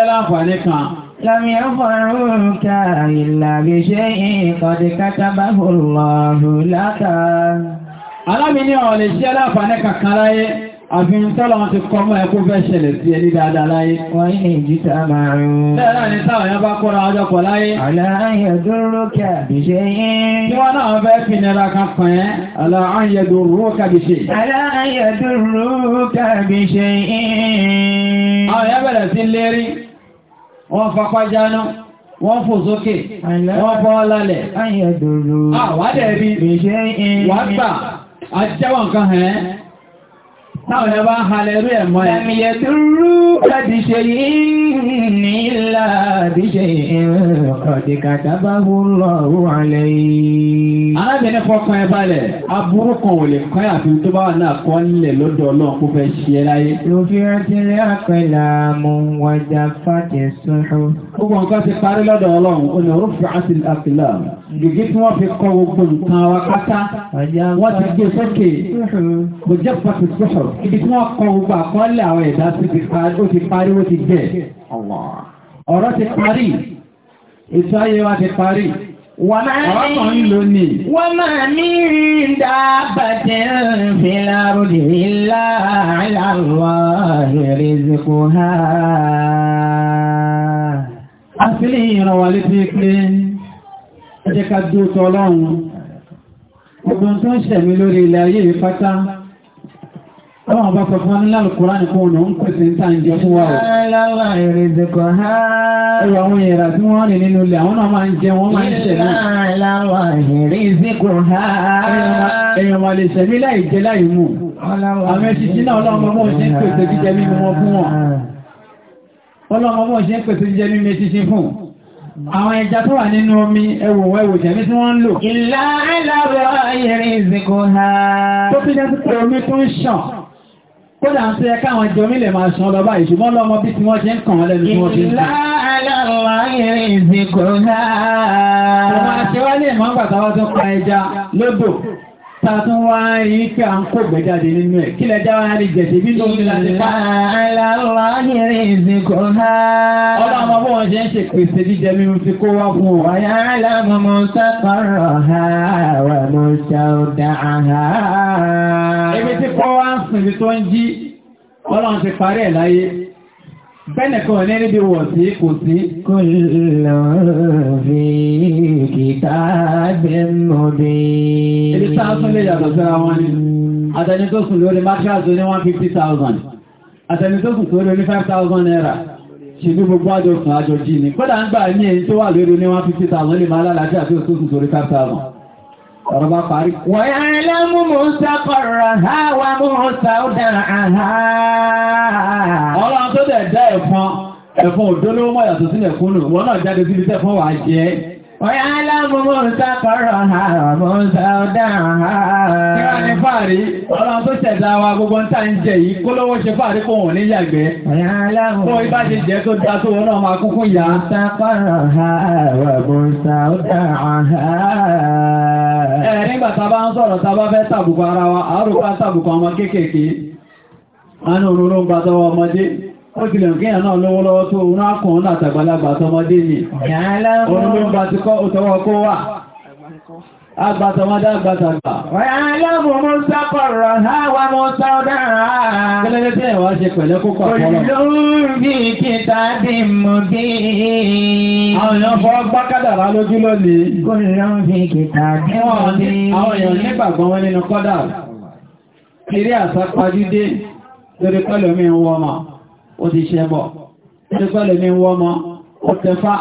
[SPEAKER 1] Tọ́lá fẹ́ kan. لم يضروك إلا بشيء قد كتبه الله لك alámìní ọ̀rọ̀ lè ṣe láfàánì kankan láyé àfihàn tọ́lọ̀ ti kọ mọ́ ẹkú fẹ́ ṣẹlẹ̀ sí ẹni dáadáa láyé wọ́n ní ìjíta máa rún lẹ́rọ ní táwọn yẹn bá kọ́ra ọjọ́kọ̀ láyé aláàyẹ̀ dúró kàbíṣẹ́ yẹn tí wọ́n náà fẹ́ fi nira kan pẹ̀ ẹ́ aláàyẹ̀ dúró kàbíṣẹ́ aláàyẹ̀ dúró kàbíṣẹ́ yẹn wọ́n fapá jáná wọ́n fò sókè wọ́n bọ́ lálẹ̀ àwádẹ̀ ah, bí wàgbà àjẹ́wọ̀n kan hẹ́ẹ́ Táwọn ẹ̀bá ń halẹ̀ rú ẹ̀ mọ́ ẹ̀. Ẹ̀mìyẹ̀ tó rú kàdì ṣe yìí ní ìlà àdíṣe ọ̀dìkà dábà wúlọ̀ wàlẹ̀ yìí. Arábìnrin fọkàn ẹ balẹ̀, aburú kan ò lè kọ́ àfi tó bá wà náà kọ́ nílẹ̀ lọ́dọ̀ Ọlọ́run kó fẹ́ ṣe é láyé. Lòfin rántí rí àpẹẹlẹ àmú wájà fàtẹ fi kọ gbogbo ibi tí wọ́n kọ gbogbo àkọọ́lẹ̀ àwọn ẹ̀dá sí ti parí ó ti jẹ́ ọ̀rọ̀ ti parí ètò ayé wa ti parí wọ́n máa ní dábàtẹ̀ fìlàrò ìlà àìlàwọ̀ ìrìnzìkò ha a fi lè ìrànwà létí pé ẹjẹ́ ká dúró tọ́lọ́run gbogbo tó ń ṣẹ̀mí lórí ilẹ̀ ayé ìpátá Ọlọ́run bá sọ fún wa nílá lùkúrá nìkan ọ̀nà ń pèsè ń tà jẹ fún wa o. Lára ìrìnzẹ̀kọ̀ ha. Ẹ̀rọ àwọn èèrà tí wọ́n rìn nínú ilẹ̀, àwọn náà máa ń máa ń ṣẹ̀ náà. Lára ìrìnzẹ̀kọ̀ ha. àwọn ẹja tó wà nínú omi ẹwò ẹwò jẹ̀mí tí wọ́n ń lò. ìlà ẹ̀lọ́rọ̀ ayẹ̀rẹ̀ ìsìnkú ha. tó fi jẹ́ sí pé omi tó ń ṣàn Kódà ń tẹ́ káwọn jẹ omílẹ̀ máa ṣan lọ báyìí ṣùgbọ́n lọ́mọ bí tí wọ́n ṣe ń kàn lẹ́nu tí wọ́n fi ń kàn. Ìlàlọ́wọ́ tàtún wá yí pé à ń kó gbẹ̀jáde nínú ẹ̀ kí lẹ́jà wá rí jẹ̀dẹ̀ bí lóun láti pa. aláwọ̀ ayẹ̀rẹ̀ ìsìnkú ha. ọlọ́run ọmọ bí ṣe ń ṣe pèsè jíjẹ mímu ti kó wá fún wa. ọ̀yà alámọ̀mọ́ sọ́kọ̀rọ̀ ha wà mọ́ ṣàwùdà ha. ebi tí kọ́ wá ń sùn ibi tó ń jí ọlọ́run ti parí ẹ̀ láyé. Bẹ́nìkan ní níbi wọ̀ sí kò sí. Kò lọ fi kìtà gbẹ̀mọ̀dé. Ibi tá a tún lè yàtọ̀ síra wọn ni. Àtẹni tó sùn lórí Mátíàzó ní 150,000. Àtẹni tó sùn lórí 5,000 naira. Ṣì ní gbogbo àjọ sùn àjọ jí ni. Kọ́dà ń gbà ní èyí tó wà lórí ní 150,000 lè máa lálàájá tí sùn lórí 5,000 ọ̀rọ̀ bá parí. Wa ya'lamu mustaqarraha wa mustawda'aha. Ọlọ́run tó dẹ̀ dá ẹ̀fọn ẹ̀fọn òdó ló mọ̀ yàtọ̀ sílẹ̀ fún un. Wọ́n náà jáde síbi tẹ̀fọn wà jẹ́. ويعلم مستقرها ومستودعها Kíwáni fàárí, ọlọ́run tó ṣẹ̀dá wa gbogbo ń tà ń jẹ yìí, kó lówó ṣe fàárí kó ní yàgbẹ́. Kó ibá ṣe jẹ́ tó dá tó ha wa mustawda'aha. Ẹ nígbà tá a bá ń sọ̀rọ̀ tá a bá fẹ́ tàbùkù ara wa, ọmọ kéékèèké. ní Ọ́gbìlẹ̀ òkèèyàn náà lọ́wọ́lọ́wọ́ tó oòrùn ákùnrin náà tàgbàlagbà tọmọdé ni. Òun ló ń bá ti kọ́ òtọwọ́ kó wà. Agbàtọmọdé agbàtàgbà. Ọ̀yàlọ́mù mú sápọ̀rọ̀ háwà mú sọ́dára. Kẹ́lẹ́lẹ́ tí ẹ̀wà ṣe pẹ̀lẹ́ kó pàpọ̀lọ̀. Olóòrùn kìtà bí mú mi ń ó ti ṣe bọ̀ ẹgbẹ́lẹ̀ mi wọ́n mọ́ ó tẹfá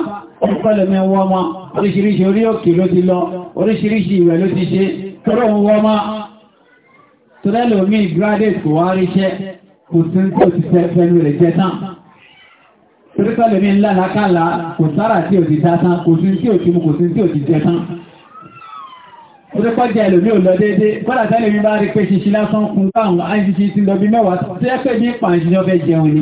[SPEAKER 1] ẹgbẹ́lẹ̀ mi wọ́n mọ́ oríṣiríṣi orí òkè ló ti lọ oríṣiríṣi ìwẹ̀ ló ti ṣe tọ́rọ̀ ń wọ́n mọ́ tọ́lẹ́lò mi graduate kò wá ríṣẹ́ kò sí tó ti fẹ́nu rẹ̀ jẹ tán torípẹ́lẹ̀ mi ńlá lákàlà kò sára tí ò ti dá tán kò sí tí ò ti mu kò sí tí ò ti jẹ tán Orípọ́jẹ́ ẹlòmí ò lọ déédé, kọ́lá tẹ́lẹ̀ mi bá rí pé ṣiṣi lásán kún báwọn àìṣiṣi ti lọ bí mẹ́wàá tí ẹ́ pẹ́ ní pàǹṣíṣọ́ fẹ́ jẹun ni.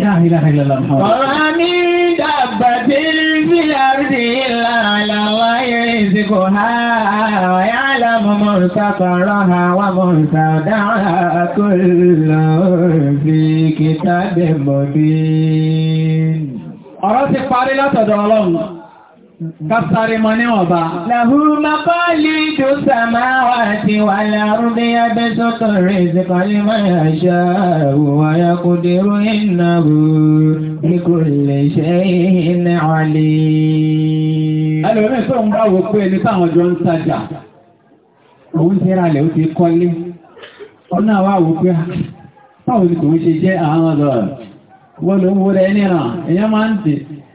[SPEAKER 1] Ọ̀rání dàgbàtí sí àrídì ìlà àlàwà irin ìsìnkò ha ọ̀yá alámọ̀mọ̀ ìsàkọ̀rọ̀ ha wà mọ̀ ìsàdáwà kò Ọ̀rọ̀ ti parí látọ̀dọ̀ Ọlọ́run. Kásáré mọ níwọ̀n bá. Làhúrú mapá lè tó sàmáwá àti wà lárúdé abẹ́ sọ́tọ̀ rẹ̀ ìsìnkọ́lé máa ṣá òwà ya kò dérò iná rú lè ṣe iná ọ̀lẹ́. Ẹlòmí tó ń bá wo pé ní táwọn jọ ń tajà, òun ti ra lẹ̀ ó ti kọ́lé. Ọ̀nà wa wò pé báwo ni ṣe jẹ́ àwọn ọ̀dọ̀ wọ́n ló ń wúrẹ́ níran, èèyàn máa ń dè.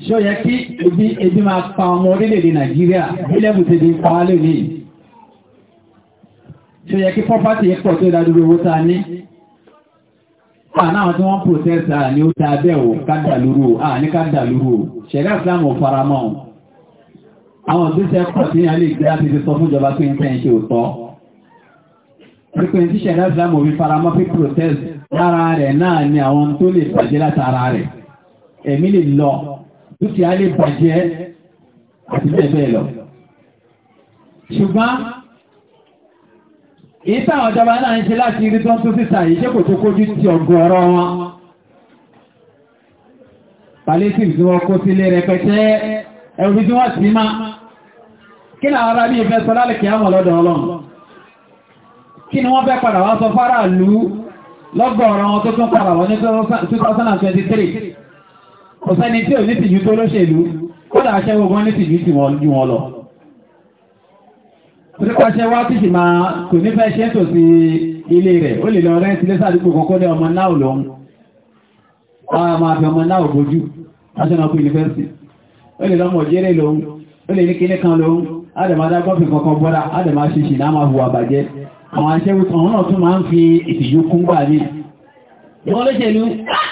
[SPEAKER 1] ṣó yẹ kí ebi ebi máa pa ọmọ orílẹ̀-èdè Nàìjíríà bílẹ̀bù ti di pàálẹ̀ ní ṣó yẹ kí pọ́pátì pọ̀ tó dádúró owó ta ní àwọn tí wọ́n protest à ní ó ta bẹ́ẹ̀wò kádàlúrú à ní kádàlúrú ṣẹ̀rẹ́ ìsìlámù faramọ́ àwọn òṣìṣẹ́ pọ̀ tí a lè gbé láti fi sọ fún ni àwọn tó lè bàjẹ́ látara dúkìá lè bàjẹ́ àti bẹ́ẹ̀ bẹ́ẹ̀ lọ. ṣùgbọ́n èyí táwọn ìjọba náà ń ṣe láti rí tó ń tún sísà yìí ṣé kò tó kójú ti ọ̀gọ̀ọ̀rọ̀ wọn. palliative tí wọ́n kó sílé rẹpẹtẹ ẹ̀rù tí wọ́n sì máa kí ni àwọn ará ní ìfẹ́ sọ lálẹ́ kí á mọ̀ lọ́dọ̀ ọlọ́run kí ni wọ́n fẹ́ padà wá sọ fáràlú lọ́gọ̀ọ̀rọ̀ wọn tó tún padà wọ́n ní 2023 kò sẹ́ni tí ò ní tìjú tó lóṣèlú kódà aṣẹ́wó gan ní tìjú ju wọn lọ. Torípa aṣẹ́ wá tìṣì máa kò ní fẹ́ ṣe tòsí ilé rẹ̀, ó lè lọ rẹ́ sílé sàdúgbò kọ́kọ́ dé ọmọ náà lòun. Wọ́n a máa fi ọmọ náà bójú, National University. Ó lè lọ́mọ òjèrè lòun, ó lè ní kíní kan lòun, Ádàmádá gọ́ọ̀fì kankan bọ́dá, Ádàmá ṣìṣì náà máa hùwà bàjẹ́. Àwọn aṣẹ́wó kan náà tún máa ń fi ìtìjú kún gbà ní. Ìwọ́n lóṣèlú, ah!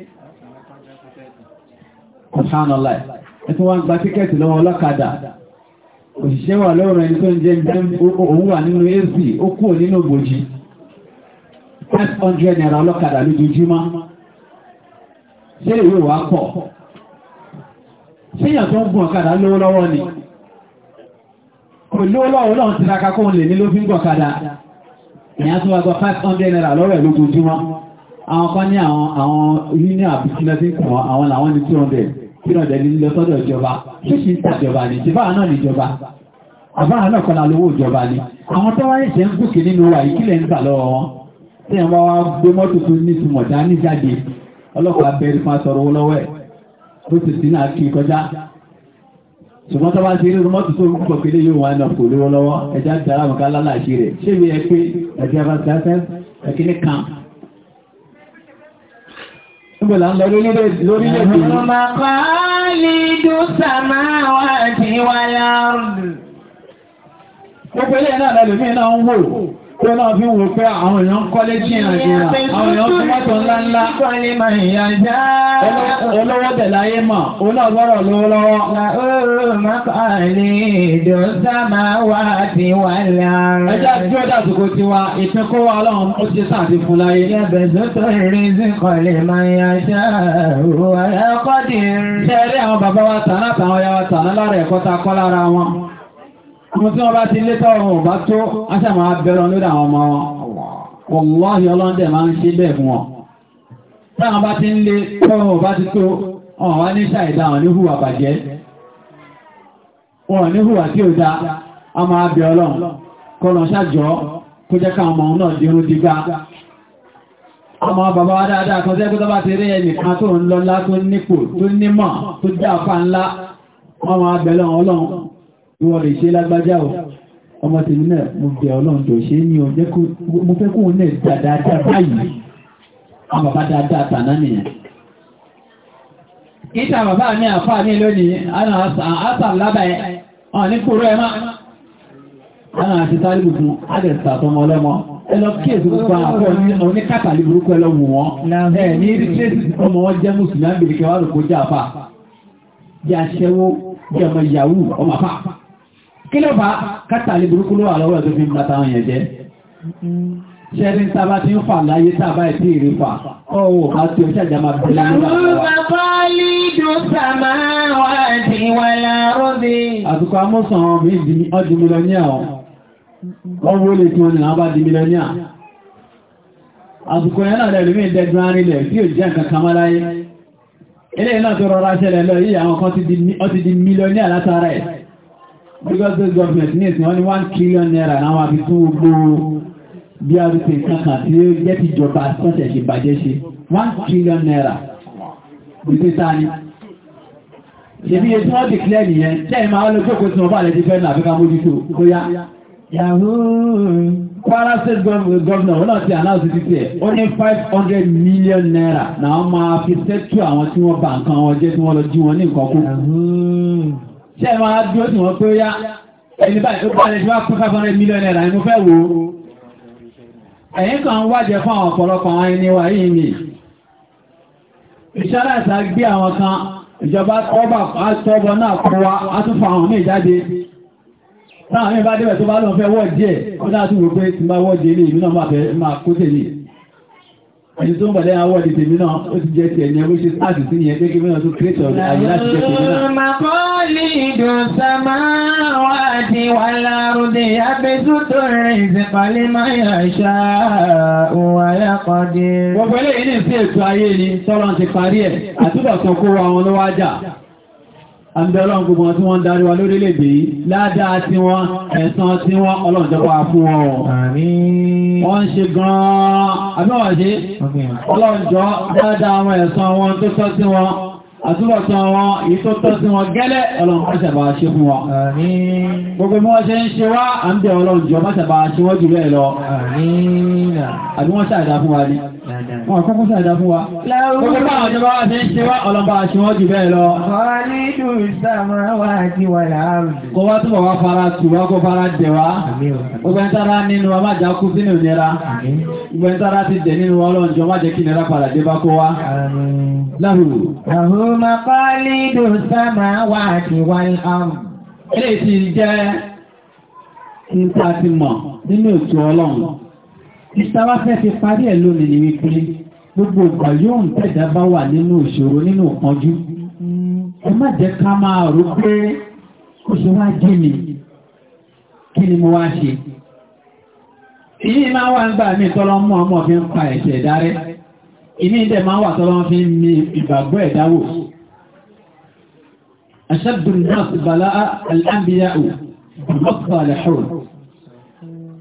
[SPEAKER 1] ọ̀ṣánàláì ẹ̀tún wọ́n gba tíkẹ́ẹ̀tì lọ́wọ́ ọlọ́kadà òṣìṣẹ́ wà lọ́rùn ẹni tó ń jẹ́ òun wà nínú ac ó kú nínú ògbòjì 500 naira ọlọ́kadà lójoojúmọ́ ṣé ìwé wà pọ̀ ṣéyàn tó ń gun ọ̀kadà lówó lọ́wọ́ ni kò lówó lọ́wọ́ náà ti raka kóhun lè ní ló fi ń gọ̀kadà ìyá tó wà gba 500 naira lọ́rọ̀ ẹ̀ lójoojúmọ́ àwọn kan ní àwọn union àbíkí lọ́sí ń kàn àwọn làwọn ní 200 kí náà dẹ̀lú lọ sọ́dọ̀ ìjọba tó ṣe ń tàjọba ní ṣe báà náà níjọba àbáà náà kọ́nà lówó ìjọba ni àwọn tó wáyé ṣe ń gòkè nínú wa ìkílẹ̀ ń gbà lọ́wọ́ wọn tí ẹ̀ wá wá gbé mọ́tò tó ní ìtumọ̀ dá ní jáde ọlọ́pàá bẹ̀rẹ̀ fún asọ̀rọ̀ owó lọ́wọ́ ẹ̀ ó sì sí náà kí kọjá ṣùgbọ́n tó bá ti rí mọ́tò tó gbọ̀ pé léyìn wọn náà kò lówó lọ́wọ́ ẹja dára mọ̀ká Níbo là ń lọ lórílẹ̀-èdè lórílẹ̀-èdè yìí? bàbá lè dó sàmà wá sí wa lárùn. Gbogbo ilé náà lẹ́lòmíì náà ń wò. Ṣé náà fi ń wò pé àwọn èèyàn kọ́lé jìnnà jìnnà, àwọn èèyàn tó mọ́tò ńlá ńlá. Kọ́lé ma ìyá já. Olówó tẹ̀ láyé mọ̀, òun náà gbọ́dọ̀ lówó lọ́wọ́. Là ó mọ́kà lè dò sábà wá ti wà lára. Ẹja tí ó dàsìkò ti wa, ìpín kó wa ọlọ́run ó ti sàn ti fún láyé. Yàbẹ̀ tó tó rí sí kọ́lé ma ìyá já. Òwò ẹ̀kọ́ dì rí. Ṣé rí àwọn bàbá wa tàná àtàwọn ya wa tàná lára ẹ̀kọ́ ta kọ́ lára wọn? Mo tí wọ́n bá ti lé tọ́rọ bá tó, a ṣà máa bẹ̀rọ lórí àwọn ọmọ wọn. Wọ́láhì ọlọ́ndẹ̀ máa ń ṣe bẹ́ẹ̀ fún wọn. Táwọn bá ti ń lé tọ́rọ bá ti tó, ọ̀n wá ní ṣàìdá wọn ní hùwà bàjẹ́. Wọ́n ní hùwà tí ó dá, a máa bẹ̀ ọlọ́run. Kọ́lọ̀ ṣàjọ́ kó jẹ́ káwọn ọmọ náà dirun bàbá wa dáadáa kan tẹ́kù tó bá ti rí ẹnìkan tó ń lọ́lá tó nípò tó nímọ̀ tó jẹ́ àfà ńlá wọ́n máa ọlọ́run ìwọ lè ṣe lágbájá o ọmọ tèmi náà mo bẹ̀ ọlọ́ndọ̀ ṣe ní ọjẹ́ mo fẹ́ kóhun náà dáadáa báyìí àwọn bàbá dáadáa tàná nìyẹn ìta bàbá mi àfà mi lónìí àwọn àṣàm lábẹ́ ọ̀ ní kúrò ẹ̀ máa àwọn àti sáré gbogbo àdẹ̀sà tọmọ ọlọ́mọ ẹlọ kíyèsí gbogbo àpọ̀ oníkàtàlì burúkú ẹlọ́mù wọn ẹ̀ ní ìrìtẹ́sì ọmọ wọn jẹ́ mùsùlùmí àbìrìkẹwàá rò kó jẹ́ àfà jẹ́ aṣẹ́wó jẹ́ ọmọ yahoo ọmọ àfà kí ló bá kátàlì burúkú ló wà lọ́wọ́ ẹ̀ tó fi mọ́ta wọn yẹn jẹ́ ṣẹ́rin tàbá ti ń fà láyé tàbá ẹ̀ tí ì rí fà ọ̀wọ̀ bá tí ó ṣàjà máa bí lọ́wọ́. àwọn bàbá lídùn sàmà wà sí wàlà rọ́bì. àtùkọ amọ́sàn mi di ọdún mílíọ̀nìà ọ̀ ọwọ́ lè tún ọ̀nà àbá di mílíọ̀nìà. àtùkọ yẹn náà lẹ́nu mi dẹ́gbọ́n arílẹ̀ tí ò jẹ́ nǹkan kan máláyé. eléyìí náà tó rọra ṣẹlẹ̀ lọ yìí àwọn kan ti di mílíọ̀nìà látara ẹ̀ because this government needs only one trillion naira náà wà fi tún gbogbo bí a rúpe kankan tí ó jẹ́ ti jọba sọ́tẹ̀ ṣe bàjẹ́ ṣe one trillion naira gbogbo sáni ṣebí ètò wọ́n declare nìyẹn tẹ́ ìmọ̀ àwọn olókòkò tí wọ́n bá lẹ́jẹ́ fẹ́ náà fẹ́ká mójútó bóyá Kwara state governor wọ́n náà ti announce títí ẹ̀ ó ní five hundred million naira náà máa fi ṣètò àwọn tí wọ́n bà nǹkan wọn jẹ́ tí wọ́n lọ jí wọn ní nǹkan kú ṣe ẹ̀ máa dúró tí wọ́n pé ó yá ẹni báyìí tó bá lè ṣe wá pín five hundred million naira ni mo fẹ́ wò ó ẹ̀yìn kan ń wájẹ́ fún àwọn ọ̀pọ̀lọpọ̀ àwọn ẹni wà yìí ni ìṣẹ́láṣà gbé àwọn kan ìjọba ọba àtọ́bọ náà kọ́ wa á tún fa àwọn míì jáde táwọn míì bá débẹ̀ tó bá lọ́n fẹ́ wọ́ọ̀dì ẹ̀ ó dáa tún Ẹni tó ń bàdé àwọn ọ̀dẹ̀ tèmi náà, ó ti jẹ́ ti ẹ̀yẹ bó ṣe láti sí ìyẹn kékeré náà tó kírètọ̀ àyè láti jẹ́ tèmi náà. Màkọ́ lè dùn sàmá wà lárúdé abẹ́sù rẹ̀ ìsìnkálé máa ṣá òwà yàkọ̀dé. Gbogbo eléyìí ní sí ètò ayé ni, sọ́rọ̀ ti parí ẹ̀, àtúbọ̀ sọ kó wa wọn ló wá jà àndẹ́lọ́n gbogbo wọn tí wọ́n ń darí wa lórílẹ̀-èdè yìí ládàá tí wọ́n ẹ̀san tí wọ́n ọlọ́ọ̀jọba fún wọn wọ́n ń ṣe gan-an àbẹ́wàṣe ọlọ́ọ̀jọ́ dáadáa wọn ẹ̀san wọn tó tọ́ sí wọn àtúbọ̀tán wọn èyí tó tọ́ sí wọn gẹ́lẹ́ ọlọ́ọ̀jọba ṣe fún wọn gbogbo mọ́ ṣe ń ṣe wá àndẹ́ ọlọ́ọ̀jọ́ Wọ́n kọ́kọ́ sàdá fún wa. Lọ́wọ́ bá ọjọ́ bá ṣe ń ṣe wá ọlọ́pàá àti wọ́n jù bẹ́ẹ̀ lọ. Wọ́n ní ìdúró ìsàmọ́ wá àti wà láàrùn. Kó wá túbọ̀ wá fara tù wá kó fara jẹ̀ wá. Gbogbo ẹ̀ntara nínú wa má jà kú sínú ìnira. Gbogbo ẹ̀ntara ti jẹ̀ nínú wa lọ́njọ́ má jẹ́ kí ìnira padà dé bá kó wá. Láhùrù. Àwọn màkà ní ìdúró ìsàmọ́ wá àti wà láàrùn. Ilé ìsìn jẹ́ ìsáwá fẹ́ fi parí ẹ̀ lónìí ni wípé gbogbo ìgbà yóò ń tẹ̀dá bá wà nínú ìṣòro nínú ìpọ́njú ẹ má jẹ́ ká máa rò pé kò ṣe wá jẹ́ mi kí ni mo wá ṣe ìyí máa wà ń gbà mí tọ́lọ́ mú ọmọ fi ń pa ẹ̀ṣẹ̀ dárẹ́ ìní dẹ̀ máa wà tọ́lọ́ fi ń mi ìgbàgbọ́ ẹ̀dáwò ashaddu an-nas bala'a al-anbiya'u ọ̀pọ̀ àlẹ́ṣọ́rọ̀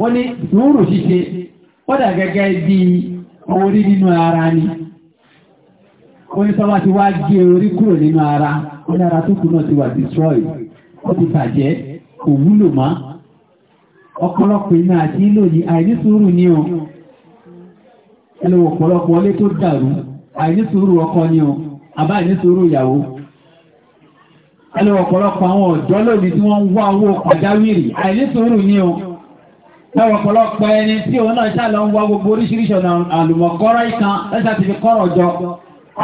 [SPEAKER 1] wọ́n ní sùúrù ṣíṣe kọ́dà gẹ́gẹ́ bí orí nínú ara ni ó ní sọ́wọ́ ti wá gé orí kúrò nínú ara ó ara tó kù náà ti wà destroy ó ti bàjẹ́ kò wúlò mọ́ ọ̀pọ̀lọpọ̀ iná àti ìlò ní àìní ní ọ ẹlò ọlé tó dàrú ọkọ ní àbá ìyàwó ẹlò ọpọlọpọ àwọn lónìí tí ń wá owó Táwọn ọ̀pọ̀lọpọ̀ ẹni tí òun náà ṣàlọ ń wá gbogbo oríṣiríṣi ọ̀nà àlùmọ̀kọ́rọ̀ ìkan lọ́sà ti fi kọ́rọ̀ jọ.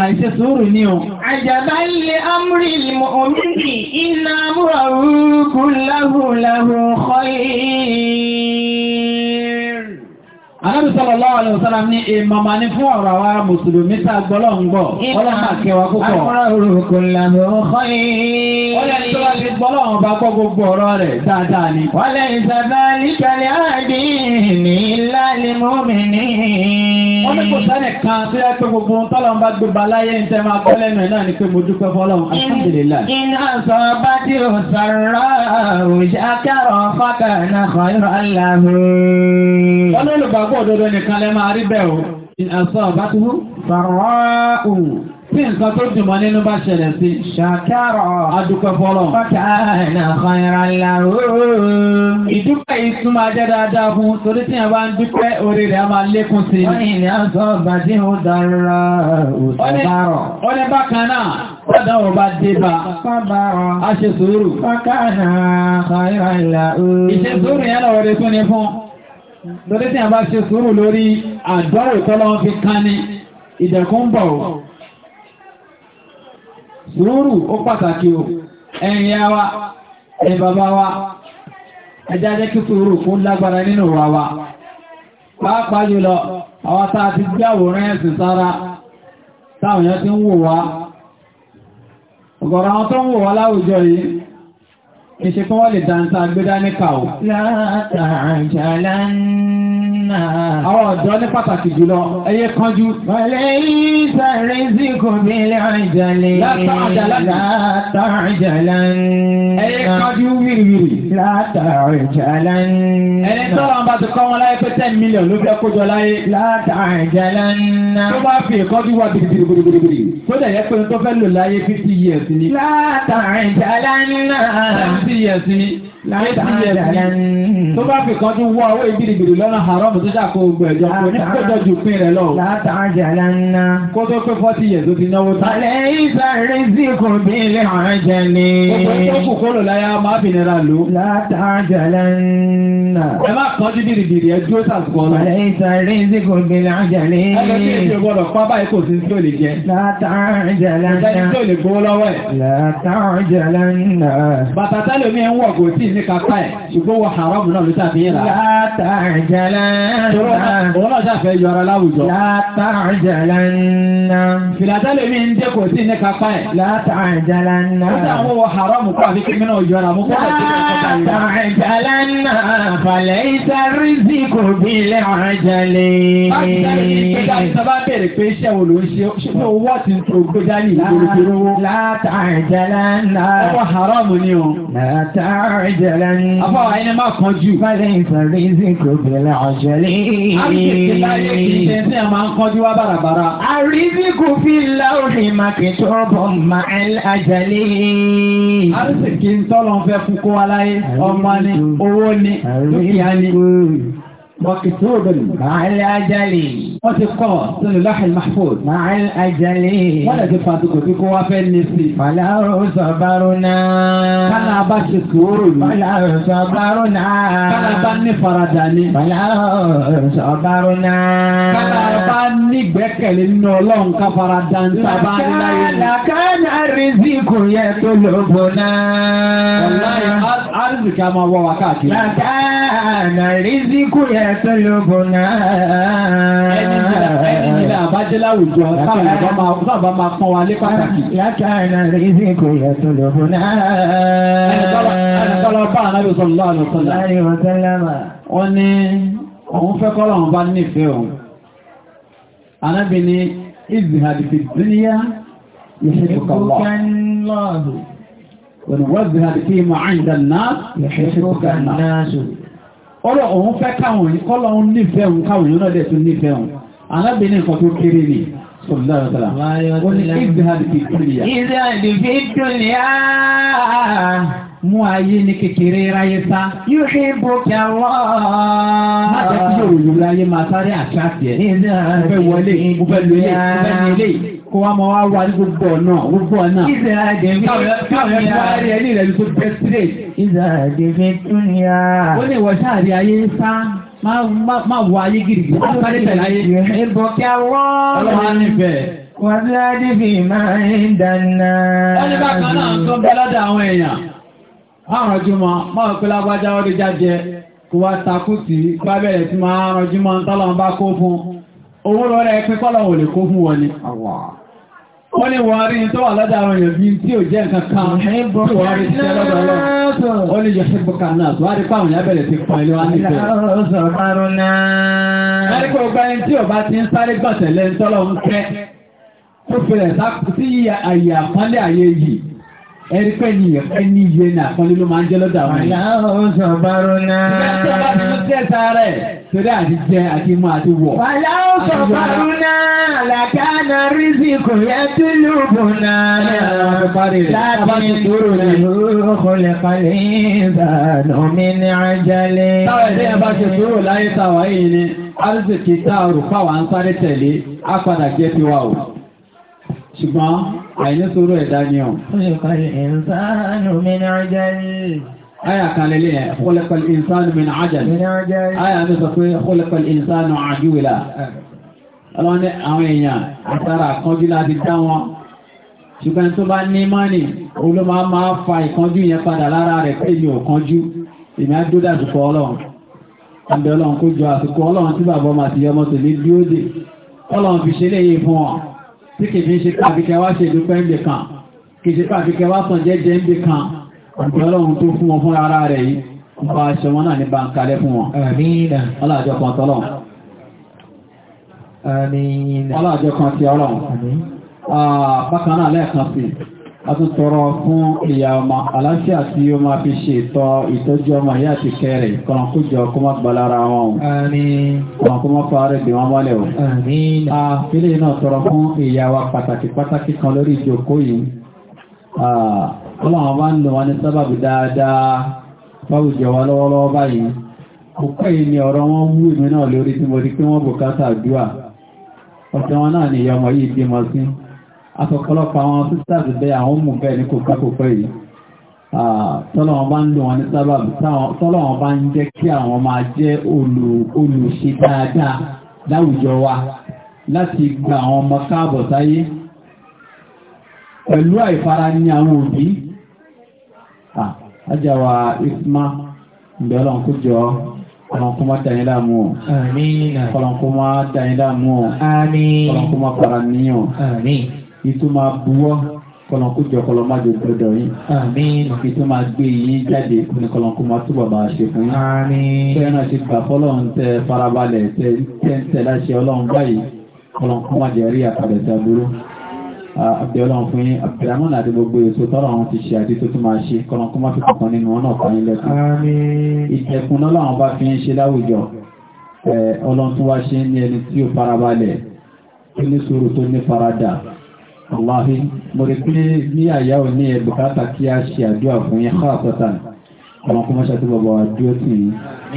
[SPEAKER 1] Àìṣe sùúrù ni o. Àjàbá ilé Amúrí ìmọ̀ òmìnir iná múra rúrú kú láhùn láhùn kọ́ yìí. Ànábì sallallahu alaihi wasallam ní ìmọ̀mà ní fún ọ̀rọ̀ wa Mùsùlùmí tá gbọ́lọ̀ ń gbọ́, ọlọ́mà kẹwàá púpọ̀. Àkọ́rọ̀rùkù lànà ọkọ̀ yìí. Ó lẹ́yìn tó bá ti gbọ́lọ̀ ọba gbọ́ gbogbo ọ̀rọ̀ rẹ̀ dáadáa ni. Wọ́n lẹ́yìn sábà ní kẹlẹ́ àdí ní lálẹ́ mọ́mìnì. Wọ́n ní kò sẹ́nì kan tó yẹ pé gbogbo ohun tọ́lọ́ bá gbé baláyé ń tẹ́ máa kọ́ lẹ́nu ẹ̀ náà ni pé mo dúpẹ́ fọlọ́run, alhamdulillah. Iná sọ bá tí ò sọ̀rọ̀ òjá kẹ́rọ̀ fákànà kọ́ ìrọ̀ àlàmù. Wọ́n ní olùgbàg olùgbàgbọ́ òdodo nìkan lẹ máa rí bẹ́ẹ̀ ẹ̀sọ́ ọ̀bá tó fàrọ̀ tí nǹkan tó dùnmọ́ nínú bá ṣẹlẹ̀ sí ṣàkárọ̀ adúpẹ́ fọlọ́. bákà náà fọyín ra ìdúpẹ́ yìí tún máa jẹ́ dáadáa fún torí tí yẹn bá ń ní aṣọ lórí tí a bá ṣe sùúrù lórí àdọ́rò tọ́lọ́wọ́ fi kán ní ìdẹ̀kùn bọ̀ ó sùúrù ó pàtàkì ó ẹ̀yin ya wa ẹ̀yin bàbá wa ẹjá jẹ́ kí sùúrù fún lágbára nínú wa wa pàápàá jùlọ àwọn tá a ti gbé àwòrán ẹ̀sìn sára táwọn yẹn ti ń wò wá ọ̀gọ̀rọ̀ àwọn tó ń wò wá láwùjọ yìí Ìṣẹ́kọ́ wọ́n lè dáńtà gbé dání kà ó. Látàjàlá ń náà. Àwọn ọ̀dọ́ ní pàtàkì jùlọ, ẹyẹ kánjú. Wọlé yìí sáré sí kò bí lájàlè. Látàjàlá ń. Ẹyẹ kánjú wìrìwìrì. Látàjàlá ń. Ẹni tọ́lá ń bá ti kọ́ wọn láyé pé ten million ló fẹ́ kójọ láyé. Látàjàlá ń Tó bá fi ìkọ́jú wà gbìgbìgbìgbìgbì. Tó tó bá fi kan tún wọ́ owó ìbìrìbìrì lọ́nà haram tó ṣàkó ogun ẹ̀jọ́ kò ní pẹ́jọ jù pín rẹ̀ lọ. látàjà lánà. kó tó pé fọ́tí yẹ̀ tó ti náwó tán. alẹ́ ìsàrè sí kò bí ilé ọ̀rẹ́ jẹ ni. gbogbo tó kù kó lò láyà máa fi nira lò. látàjà lánà. ẹ má kàn sí bìrìbìrì ẹ dúró sàkóso lọ. alẹ́ ìsàrè sí kò bí ilé ọ̀rẹ́ jẹ ni. ẹgbẹ́ tí èsì gbọ́dọ̀ pa báyìí kò sí tó lè jẹ. látàjà lánà ní kápá ẹ̀ ṣùgbọ́n wọ haram náà ló tàbí yẹn rà. látàjẹlẹ náà. òun náà ṣàfẹ́ yọra láwùjọ. látàjẹlẹ náà. fìlàtàlẹ̀ mi ń dé kò sí ní kápá ẹ̀. látàjẹlẹ náà. ó dàwọn wọ haram kó àfi kí mi náà yọra mú kó àti látàjẹlẹ náà. fàlẹ́ ìsáré sí kò bí ilẹ̀ àjẹlẹ̀. bá ti sáré ní ìgbéga ìsọba bèrè pé iṣẹ́ wo ló ń ṣe ṣùgbọ́n owó ti ń tó gbéga ní ìgboro àjẹ́lẹ́ ní. Afọ́wà ẹni máa kan jù. Fáde ìfẹ̀rẹ̀ ìsì kò bẹ̀rẹ̀ ọ̀jẹ̀lẹ́. Àríṣèké láyé kìí ṣe ṣe máa ń kọjú wá bàràbàrà. tọ́lọ́ fẹ́ fún kó Ọmọ ni, owó ni, dúkìá ni. وكتب مع الأجل وتبقى صل لح المحفوظ مع الأجل ولا تفادك في قواف النسي فلا صبرنا فلا باش فلا صبرنا فلا بني فرداني فلا صبرنا فلا بني ìgbẹ́kẹ̀lé nínú ọlọ́run ká fara dáńtà bá ń láyé. Làkàlà rìzì kò yẹ tó lóbo náà. Wàláyé àrùsìkì máa wọ wa káàkiri. Làkàlà rìzì kò yẹ tó lóbo náà. Ẹni nílẹ̀ àbájẹ́lá àwùjọ sábà máa pọ́n wa lé pàtàkì. Làkàlà rìzì kò yẹ tó lóbo náà. Ẹni tọ́lọ bá àná ló lọ́wọ́ àlùkọ́lá. Wọ́n ní òun fẹ́ kọ́ lọ́wọ́ bá nífẹ̀ẹ́ òun arábìnrin ìzìhàdìfì dúníyà ìṣẹ́kọ̀ọ́lọ́ ونوزها فيما عند الناس يحبك الناس ọlọ́ òun fẹ́ káwọn yìí kọ́lọ̀ òun nífẹ́ òun káwọn yìí náà lẹ́tún nífẹ́ òun alábìnrin nǹkan tó kéré ní sọ̀lọ́rọ̀sọ̀lá ó ní mú ayé ní kékeré ráyé sá. yóò ṣe bókè wá. má jẹ́ kí yóò yòó láyé máa sáré àtúrásì ẹ̀. mo fẹ́ wọlé mo fẹ́ lóye mo fẹ́ nílé kó wá mọ wá wá gbogbo ọ̀nà gbogbo ọ̀nà. ìzà àdèmí ìzà àdèmí túnyà. wọ sáàrí ayé sá má wọ ayé gidigidi má sáré tẹ̀lé ayé. wọ́n. ọlọ́run á nífẹ̀ẹ́. máa ń dáná. Wọ́n ní bákan náà tó ń bẹ́ lọ́dọ̀ àwọn èèyàn àrùn jùmọ̀ máa pẹ́ lágbájá ọdí jájẹ kò wá takú sí gbábẹ̀rẹ̀ tí máa àrùn tọ́lọ̀n bá kó fún owó rọrẹ pín kọ́lọ̀ wò lè kó fún wọn wọ́n ni wọ́n rí tó wà lọ́dà àwọn bí tí ò jẹ́ nǹkan kan tí wọ́n rí sí ẹlọ́dọ̀ ọlọ́run ó ní yọ ẹni pẹ́ ẹni iye ní àkọlé ló máa ń jẹ́ lọ́dọ̀ àwọn ènìyàn. aláwọ̀ sọ̀bárò náà. ìgbà tí bá ti tẹ́ sáré torí àti jẹ àti mú àti wọ̀. aláwọ̀ sọ̀bárò náà làkàna rísì kò yẹ kí ló bò náà. láti dúró ní ọkọlẹ̀ kalẹ̀ ìbàdàn mi ní ajalẹ̀. táwọn ẹ̀dẹ́ yẹn bá ṣe dúró láyé táwa yìí ni arzikì táà rò fáwọn ansáré tẹ̀lé á padà jẹ́ tiwa o. ṣùgbọ́n àìní sóró ẹ̀dá ni ọ̀. Aya kan lè lè kọlẹ̀kọl ìsánù min ajal. Aya ní sọ pé kọlẹ̀kọl ìsánù àjúwìlá. Ọlọ́run ní àwọn èèyàn àtàrà àkànjú láti dá wọn. Ṣùgbọ́n tó bá ní mọ́nì, oló máa máa fa ìkánjú yẹn padà lára rẹ̀ pé mi ò kánjú. Èmi á dúdà àsìkò ọlọ́run. Àbẹ̀ kó jọ àsìkò ọlọ́run tí bàbá ọmọ àti ọmọ tòlé dúró dé. Ọlọ́run fi ṣe léyìn fún wọn tí kì í ṣe káàkiri wá ṣe ìdúpẹ́ ń bè kan kì í ṣe káàkiri wá sàn jẹ́jẹ́ ń bè kan ọ̀dọ́ ọlọ́run tó fún wọn fún ara rẹ̀ yìí ọba aṣọ wọn náà ní bá ń kalẹ̀ fún wọn ọlájọ́ kan tọ́lọ́run ọlọ́run ah, bákan náà lẹ́ẹ̀kan sí atútọrọ fún ìyá ọmọ aláṣẹ àti ọmọ fi ṣe ìtọ́ ìtọ́jú ọmọ ìyá àti kẹrẹ kọ̀nà kó jọ kó má gbalára wọn o kọ̀nà kó má fara bí wọn mọ́lẹ̀ o. àfilẹ̀ náà tọrọ fún ìyá wa pàtàkì pàtàkì kan lórí ìjókòó yìí ọlọ́run bá ń lò wọn ní sábàbí dáadáa báwùjọ wa lọ́wọ́lọ́wọ́ báyìí ọkọ̀ yìí ni ọ̀rọ̀ wọn wú ìmú náà lórí tí mo rí pé wọ́n bùkátà àdúrà ọ̀sẹ̀ wọn náà ni ìyá yìí bímọ sí àtọ̀pọ̀lọpọ̀ àwọn sisters bẹ́ àwọn mú bẹ́ẹ̀ ní kò kákòókò yìí tọ́lọ̀wọ́n bá ń lò wọn ní sábàbí tọ́lọ̀wọ́n bá ń jẹ́ kí àwọn máa jẹ́ olùṣe dáadáa láwùjọ wa láti gba àwọn ọmọ káàbọ̀ sáyé pẹ̀lú àìfara ní àwọn òbí ajáwa isma ìbẹ̀rọ̀ kó jọ Kọlọ̀kún máa dáyé láàmú ọ̀. Àmín. Kọlọ̀kún máa dáyé láàmú ọ̀. Àmín. máa fara níyàn ìtú máa buwọ́ kọlọ̀kújọ kọlọ̀májò gbọdọ̀ yìí. àmín. ìtú máa gbé yìí jáde ní kọlọ̀kú máa túbọ̀ máa ṣe fún yín. àmín. bẹ́ẹ̀ náà ti gbà fọlọ́run tẹ farabalẹ̀ tẹ tẹ́ǹtẹ̀ láṣẹ ọlọ́run báyìí kọlọ̀kú máa jẹ́ rí àpàdé sábúrú. abdulhamu fún yín abdulhamun àti gbogbo èso tọ́rọ àwọn ti ṣe àti tó tún máa ṣe kọlọ̀kú máa fi kọ̀kan nínú wọn náà kọ́yìn lẹ́kùn. àmín. ìtẹ̀kùn náà làwọn bá fi ń ṣe láwùjọ ọlọ́run tún wá ṣe ní ẹni tí ó Allahi mo rí pé ní àyà ò ní ẹ̀bùkátà kí a ṣe àdúrà fún yín káàkọ́tàn ọmọ kó mọ́ṣẹ́ tó bọ̀bọ̀ àdúrà tì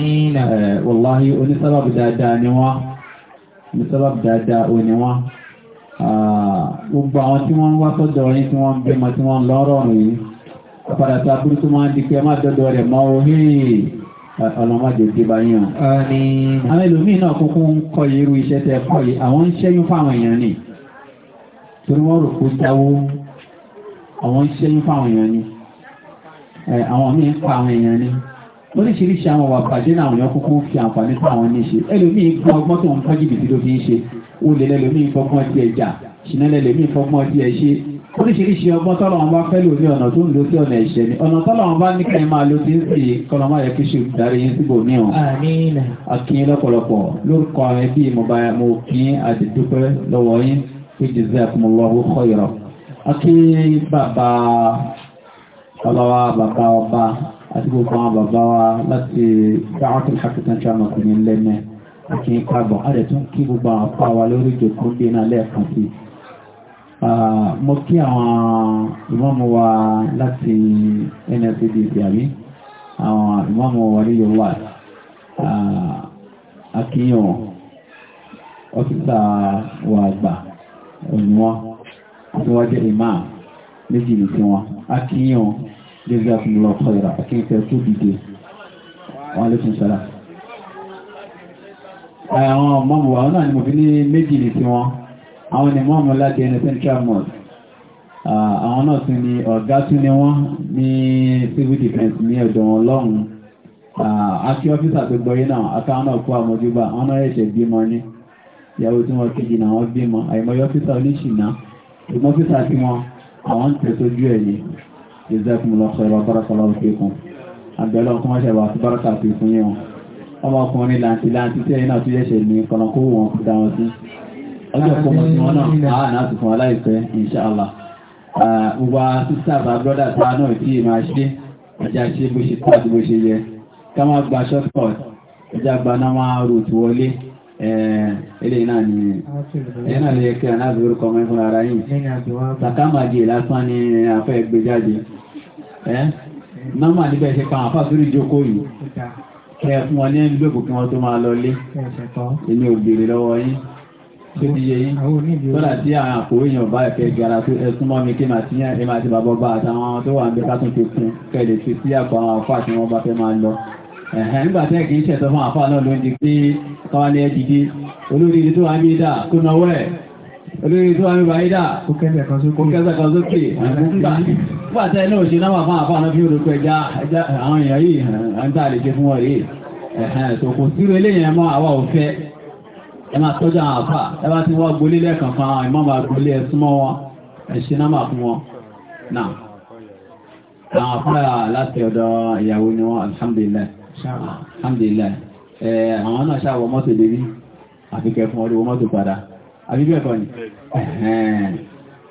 [SPEAKER 1] yín wàláhí onísábàbù dáadáa ni wọ́n onísábàbù dáadáa ò ní wọ́n gbogbo àwọn tí wọ́n ń wá sọ́dọ̀ yín tí wọ́n bímọ tí wọ́n lọ́rọ̀ yìí padà sí abúrú tó máa ń di pé má dọ́dọ̀ rẹ̀ mọ́ orí ọlọ́mọdé dé bá yàn. àwọn ẹlòmíín náà kúkú ń kọ́ irú iṣẹ́ tẹ́ kọ́ yìí àwọn ń ṣẹ́yún fáwọn èèyàn nìyí torí wọ́n rò kó jáwó àwọn iṣẹ́ yín fáwọn èèyàn ni àwọn míì ń pa àwọn èèyàn ni oríṣiríṣi àwọn wà pàdé náà àwọn èèyàn kúkú fi àǹfààní fún àwọn níṣe ẹlòmíì gbọ́n ọgbọ́n tó ń kọ́ jìbìtì ló fi ń ṣe olè lẹ́lòmíì fọgbọ́n ti ẹ̀jà ṣìnà lẹ́lòmíì fọgbọ́n ti ẹ̀ ṣe oríṣiríṣi ọgbọ́n tọ́lọ́wọ́n bá fẹ́ lò ní ọ̀nà tó ń lò sí ọ̀nà ẹ̀ṣẹ̀ ni ọ̀nà tọ́lọ́wọ́n bá níkà ẹ̀ máa lò sí sí kọlọ́mọ́ yẹ kí ṣe darí yín síbò ní ọ̀. àkínyìn lọ́pọ̀lọpọ̀ lórúkọ ẹbí mo kí adìdúpẹ́ lọ́wọ́ yín ìjìzẹ́kùnmọ́lọ́wọ́ kọ́ìrọ̀. Akí bàbá ọlọ́wà bàbá ọba àti gbogbo àwọn bàbá wa láti dáhùn ìhàkìtàn tí a mọ̀ sí ní lẹ́nẹ̀ àti ìkàbọ̀. A rẹ̀ tún kí gbogbo àwọn apá wa lórí ìjòkó bí iná lẹ́ẹ̀kan sí. Mo kí àwọn ìmọ̀mù wa láti NSCDC àbí àwọn ìmọ̀mù wa ní Yorùbá akíyàn ọ́fíìsà wa àgbà òníwọ́n tí wọ́n jẹ́ imam méjì ní sí wọn a kí yíyan lórí àkùnlọ ọkọ̀ ìrà akẹ́kẹ́ tó dìde wọn lè fún sára àwọn mọ́mù wa náà ni mo fi ní méjì ní sí wọn àwọn ni mọ́mù láti ẹni central mosque àwọn náà tún ni ọ̀gá tún ni wọ́n ní civil defence ní ọ̀dọ̀ wọn lọ́hùn-ún àti ọ́fíìsà tó gbọ́yé náà àtàwọn náà kó àmójúbà àwọn náà ẹ̀ṣẹ̀ bímọ ní ìyàwó tí wọ́n kejì náà wọ́n bímọ àìmọye ọ́fíìsà oníṣìná ìgbọ́n ọ́fíìsà tí wọ́n àwọn ń tẹ̀sójú ẹ̀ ní ìzẹ́kùnmùlọ sọ̀rọ̀ bárakàlọ́ òkèkùn àgbẹ̀lọ́ kún wọ́n ṣẹ̀wà sí báraka sí fún yẹn ọmọkùnrin láti láti tí ẹ̀yìn náà tó yẹ̀ṣẹ̀ ní kọ̀lọ̀kó wọn kú dáwọn sí ọjọ́ kọmọ sí wọn náà àà náà sì fún aláìpẹ́ inshallah gbogbo sísàbà brọ́dà tá náà tí ì ilé eh, náà ni ẹ̀ náà lè yẹ kí anáàbí orúkọ ọmọ ìfúnra ara yìí sàkámàjì lásán ni afẹ́ gbé jáde eh, nọ́mà níbẹ̀ ṣe pa àfà sórí ìjókòó yìí kẹ fún wọn ní ẹgbẹ́gbò kí wọ́n tó máa lọ lé inú òbèrè lọ́wọ́ yín tó ti yẹ yín tó ẹ̀sùn sí àwọn àfà ẹ̀hẹ̀ nígbàtẹ́ kìí ṣẹ̀tọ́ fún àfáà náà ló ń di pé káwà ní ẹ̀dìdí olóríire tó wà ní ìdá kó náwọ́ ẹ̀ olóríire tó wà ní ìbá ìdá kó kẹ́sẹ̀ kan sókè nígbàtẹ́ náà ṣe náwà fún àfáà náà fi orúkọ ẹja àwọn èèyàn yìí ń tà lè ṣe fún ọ yìí ẹ̀hẹ̀ tó kò sí eléyìn ẹmọ àwa ò fẹ́ ẹ máa tọ́jú àwọn àfáà ẹ bá ti wá gbolé lẹ́ẹ̀kan fún àwọn ìmọ̀ máa láti ọ̀dọ̀ ìyàwó ni wọn alhamdulillah alhamdulillah ẹ̀ àwọn náà ṣàwọ̀ mọ́tò débí àfikẹ́ fún ọdún mọ́tò padà àbíbẹ̀ kọ́ ni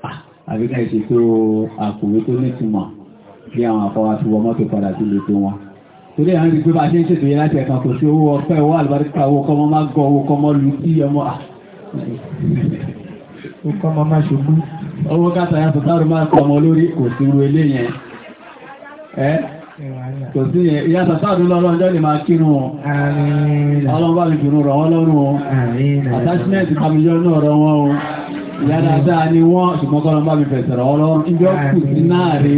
[SPEAKER 1] ah, àbíkẹ́ ìṣe tó àkùnrin tó nítumọ̀ bí àwọn àkọwà tí wọ mọ́tò padà sí lè tó wọn torí àwọn ìrìn pé bá ṣe ń ṣètò yẹn láti kò sí owó ọpẹ́ owó àlùbáríkà owó kọmọ má gọ owó kọmọ lù ah. sí ọmọ ọkọmọ owó kásà má kọmọ lórí kò sí ìyá sàtàdù lọ́lọ́run jẹ́ lè máa kírun wọn ọlọ́run bá lè dùnú rọ̀ wọ́n lọ́rùn wọn attachment pàmìyàn náà rọ wọn o ìyá dáadáa ni wọ́n ṣùgbọ́n kọ́lọ́run bá mi fẹ̀sẹ̀ rọ̀ ọlọ́run ìjọ kù sí náà rí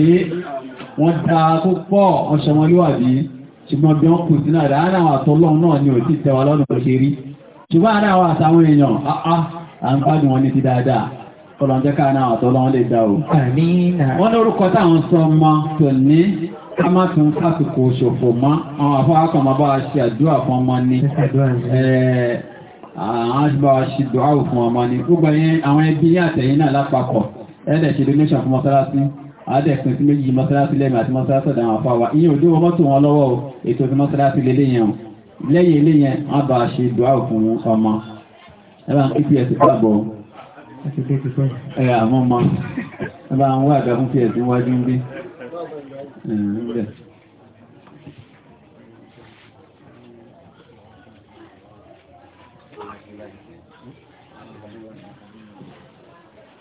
[SPEAKER 1] wọ́n da púpọ̀ ọṣẹ wọn lúwàbí ṣùgbọ́n bí wọ́n kù sí náà rí ara àwọn àtọ́lọ́run náà ni ò tí tẹwa lọ́nà òṣè rí ṣùgbọ́n ara àwọn àtàwọn èèyàn à ń gbádùn wọn ní ti dáadáa kọ́lọ́run káà náà àtọ́lọ́run lè dá o wọ́n lórúkọ táwọn sọ ọmọ tòní ká má tún sásìkò ṣòfò mọ́ àwọn afọ́wákan máa bá ṣe àdúrà fún ọmọ ní àwọn àṣìbá ṣe dùá fún ọmọ ní gbogbo àwọn ẹbí ní àtẹ̀yìn náà lápapọ̀ ẹ̀ẹ́dẹ̀ ṣe donation fún mọ́sálásí àádẹ́kùn sí méjì mọ́sálásí lẹ́mì àti mọ́sálásí ọ̀dà àwọn afáwà ìyẹn ò dúró mọ́tò wọn lọ́wọ́ ètò ti mọ́sálásí lélẹ́yìn lẹ́yìn eléyìn wọ́n bá ṣe dùá fún ọmọ ẹ̀rọ pps pàbọ̀ ẹ̀rọ àwọn ọmọ ẹ̀rọ àwọn àgbà fún ps níwájú ń gbé níbẹ̀.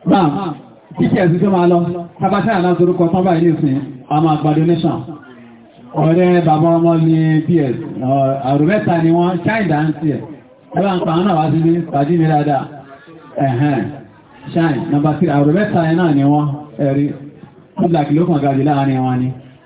[SPEAKER 1] Báà, kíkẹ́ ẹ̀sùn tó máa lọ, tàbátá àlázorúkọ tọ́bà ilé ìsìn, a máa gba donation. Ọ̀rẹ́ bàbá ọmọ ní PS, àrùmẹ́ta ni wọ́n ṣáìdá ń sí ẹ̀. Ẹbá ń pa àwọn náà wá sí ní pàdí mi dáadáa. Ẹ̀hẹ́n, ṣáì, nọmbà sí àrùmẹ́ta náà ni wọ́n ẹ̀rí. Ó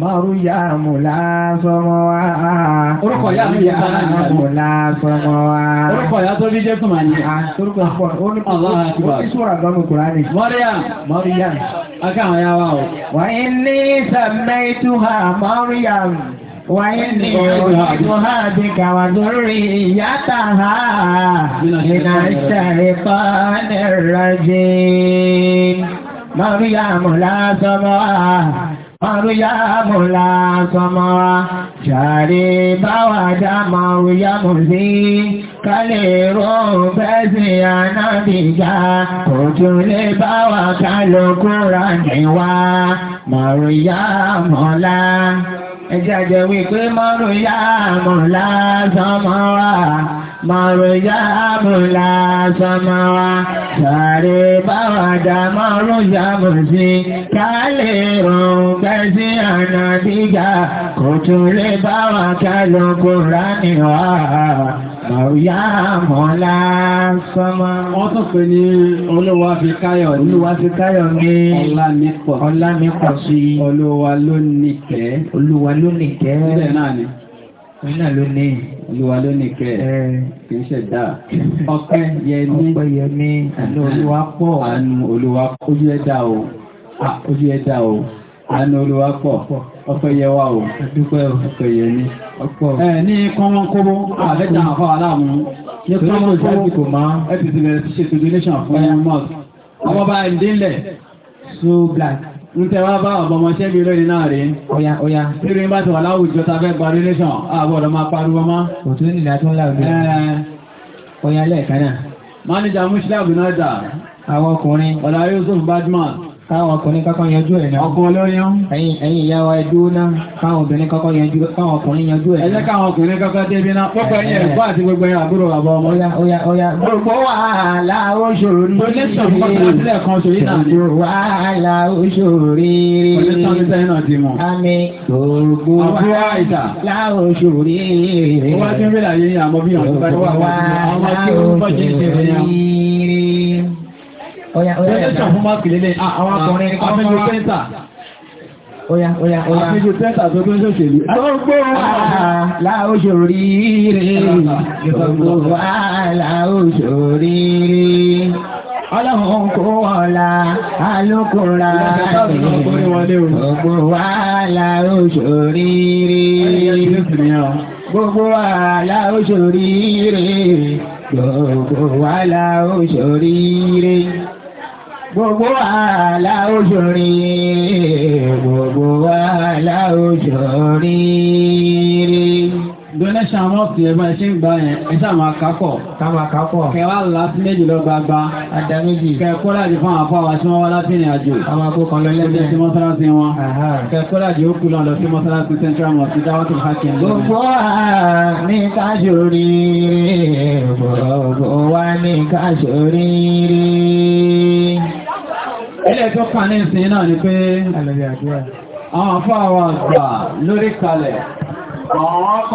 [SPEAKER 1] Mọ̀rúyà múlá sọmọ wá. Orúkọ ìyá mi yà á múlá sọmọ wá. Orúkọ ìyá tó bí jẹ́ tó máa ní. Ah, orúkọ àpọ̀ oníṣòra gbọ́nù Kùránì. Mọ́ríyà. Mọ́ríyà. Aká àwọn ya wa o. Wà ilé sàmẹ́ ìtúhà Mọ́ríyà. Wà ilé ìtúhà bí kàwà lórí ìyá tàhà. Ìnà ìṣẹ̀rẹ̀ pa ní rajin. Mọ́ríyà múlá sọmọ wá. Maruya la sọmọ jàre bawa dá ya muzi, kálẹ̀ rọ bẹ́sì ànábìjá bawa lè báwa Maruya ra níwá Maruyamu la. Ẹjẹ́ àjẹwé Mọ̀rùyámù lásánmà wa, sàrí báwàdà mọ̀rùyámù sí, kálè rùn kẹsí ànà dígà, kò tún lè báwà kálù Kùránì wá. Mọ̀rùyámù lásánmà. Wọ́n tó pè ní olówó Afikáyọ̀ ní wá sí Káyọ̀ ní Ọlámípọ̀ sí. Olówó lónìí kẹ́. Olówó lónìí kẹ́. Ilẹ̀ náà ni iná ló ní olúwa ló ní kẹ kì í ṣe dá ọpẹ́ yẹmí ọpẹ́ yẹmí àánú olúwa pọ̀ àánú olúwa ojú ẹ o ojú ẹ o àánú olúwa pọ̀ ọpẹ́ yẹ wá o dúpẹ́ ọpẹ́ yẹmí ọpọ. ẹ ní kọ́mọ́kọ́mọ́ àbẹ́ta àfọ aláàmú ní kọ́mọ́ ìṣẹ́jú kò máa ẹ ti ti bẹ̀rẹ̀ ṣètò donation fún ọmọ ọmọ bá ẹ̀ ń délẹ̀ so black ń tẹ wá bá ọmọọmọṣẹ́ bí lónìí náà rí ọya ọya nítorí bá ti wà láwùjọ ta fẹ́ gba relation àbọ̀dọ̀ máa pariwo mọ́ òtún ní ìlà tó ń láwùjọ ọya lẹ́ẹ̀kan náà manager mushlabu Yusuf Badman káwọn ọkùnrin kọ́kọ́ yanjú ẹ̀ náà. ọkùnrin olóyún. ẹ̀yin ẹ̀yin ìyá wa ẹdú náà káwọn obìnrin kọ́kọ́ yanjú káwọn ọkùnrin yanjú ẹ̀ náà. ẹ jẹ́ káwọn ọkùnrin kọ́kọ́ débi náà pọ́pọ́ ẹ̀yìn ẹ̀gbọ́n àti gbogbo ẹ̀yìn àbúrò bàbá ọmọ. ọ̀yà ọ̀yà ọ̀yà. gbogbo wàhálà gbogbo wàhálà oṣòrí. pọlẹ́sọ̀ ní sẹ́yìn náà ti Sẹ́ńtà fún máa kìlélé àwọn akọrin afẹ́jọ sẹ́ńtà. Oya, oya, oya. Àfẹ́jọ ah, ah. sẹ́ńtà tó tó ń ṣòṣèlú. Ah. Gbogbo àlà òṣòríire, gbogbo àlà òṣòríire. Ọlọ́run kó ọ̀la alókòrà gbogbo àlà òṣòríire. Gbogbo àlà òṣòríire, gbogbo àlà òṣòríire gbogbo àlà òjò rí gbogbo àlà òjò rí rí. donation àwọn ọ̀pìn ẹ̀gbọ́n ẹ̀ ṣe ń gba yẹn ẹ ṣáà máa kápọ̀. ká máa kápọ̀. kẹwàá láti méjì lọ gbagba. ada méjì. kẹkọ́ láti fún àwọn afọwà tí wọ́n wá láti ìrìn àjò. àwọn akókan lọ́lẹ́gbẹ̀ẹ́. ẹgbẹ́ sí mọ́sálásí wọn. kẹkọ́ láti ó kú lọ sí mọ́sálásí central mosque dáwọ́ tó hàkì ẹ̀. gbogbo àmì kájò rí gbogbo wa ní kájò rí ilé tó kà ní ìsìn náà ni pé àwọn àfáà wà gbà lórí kalẹ̀ àwọn ọkọ̀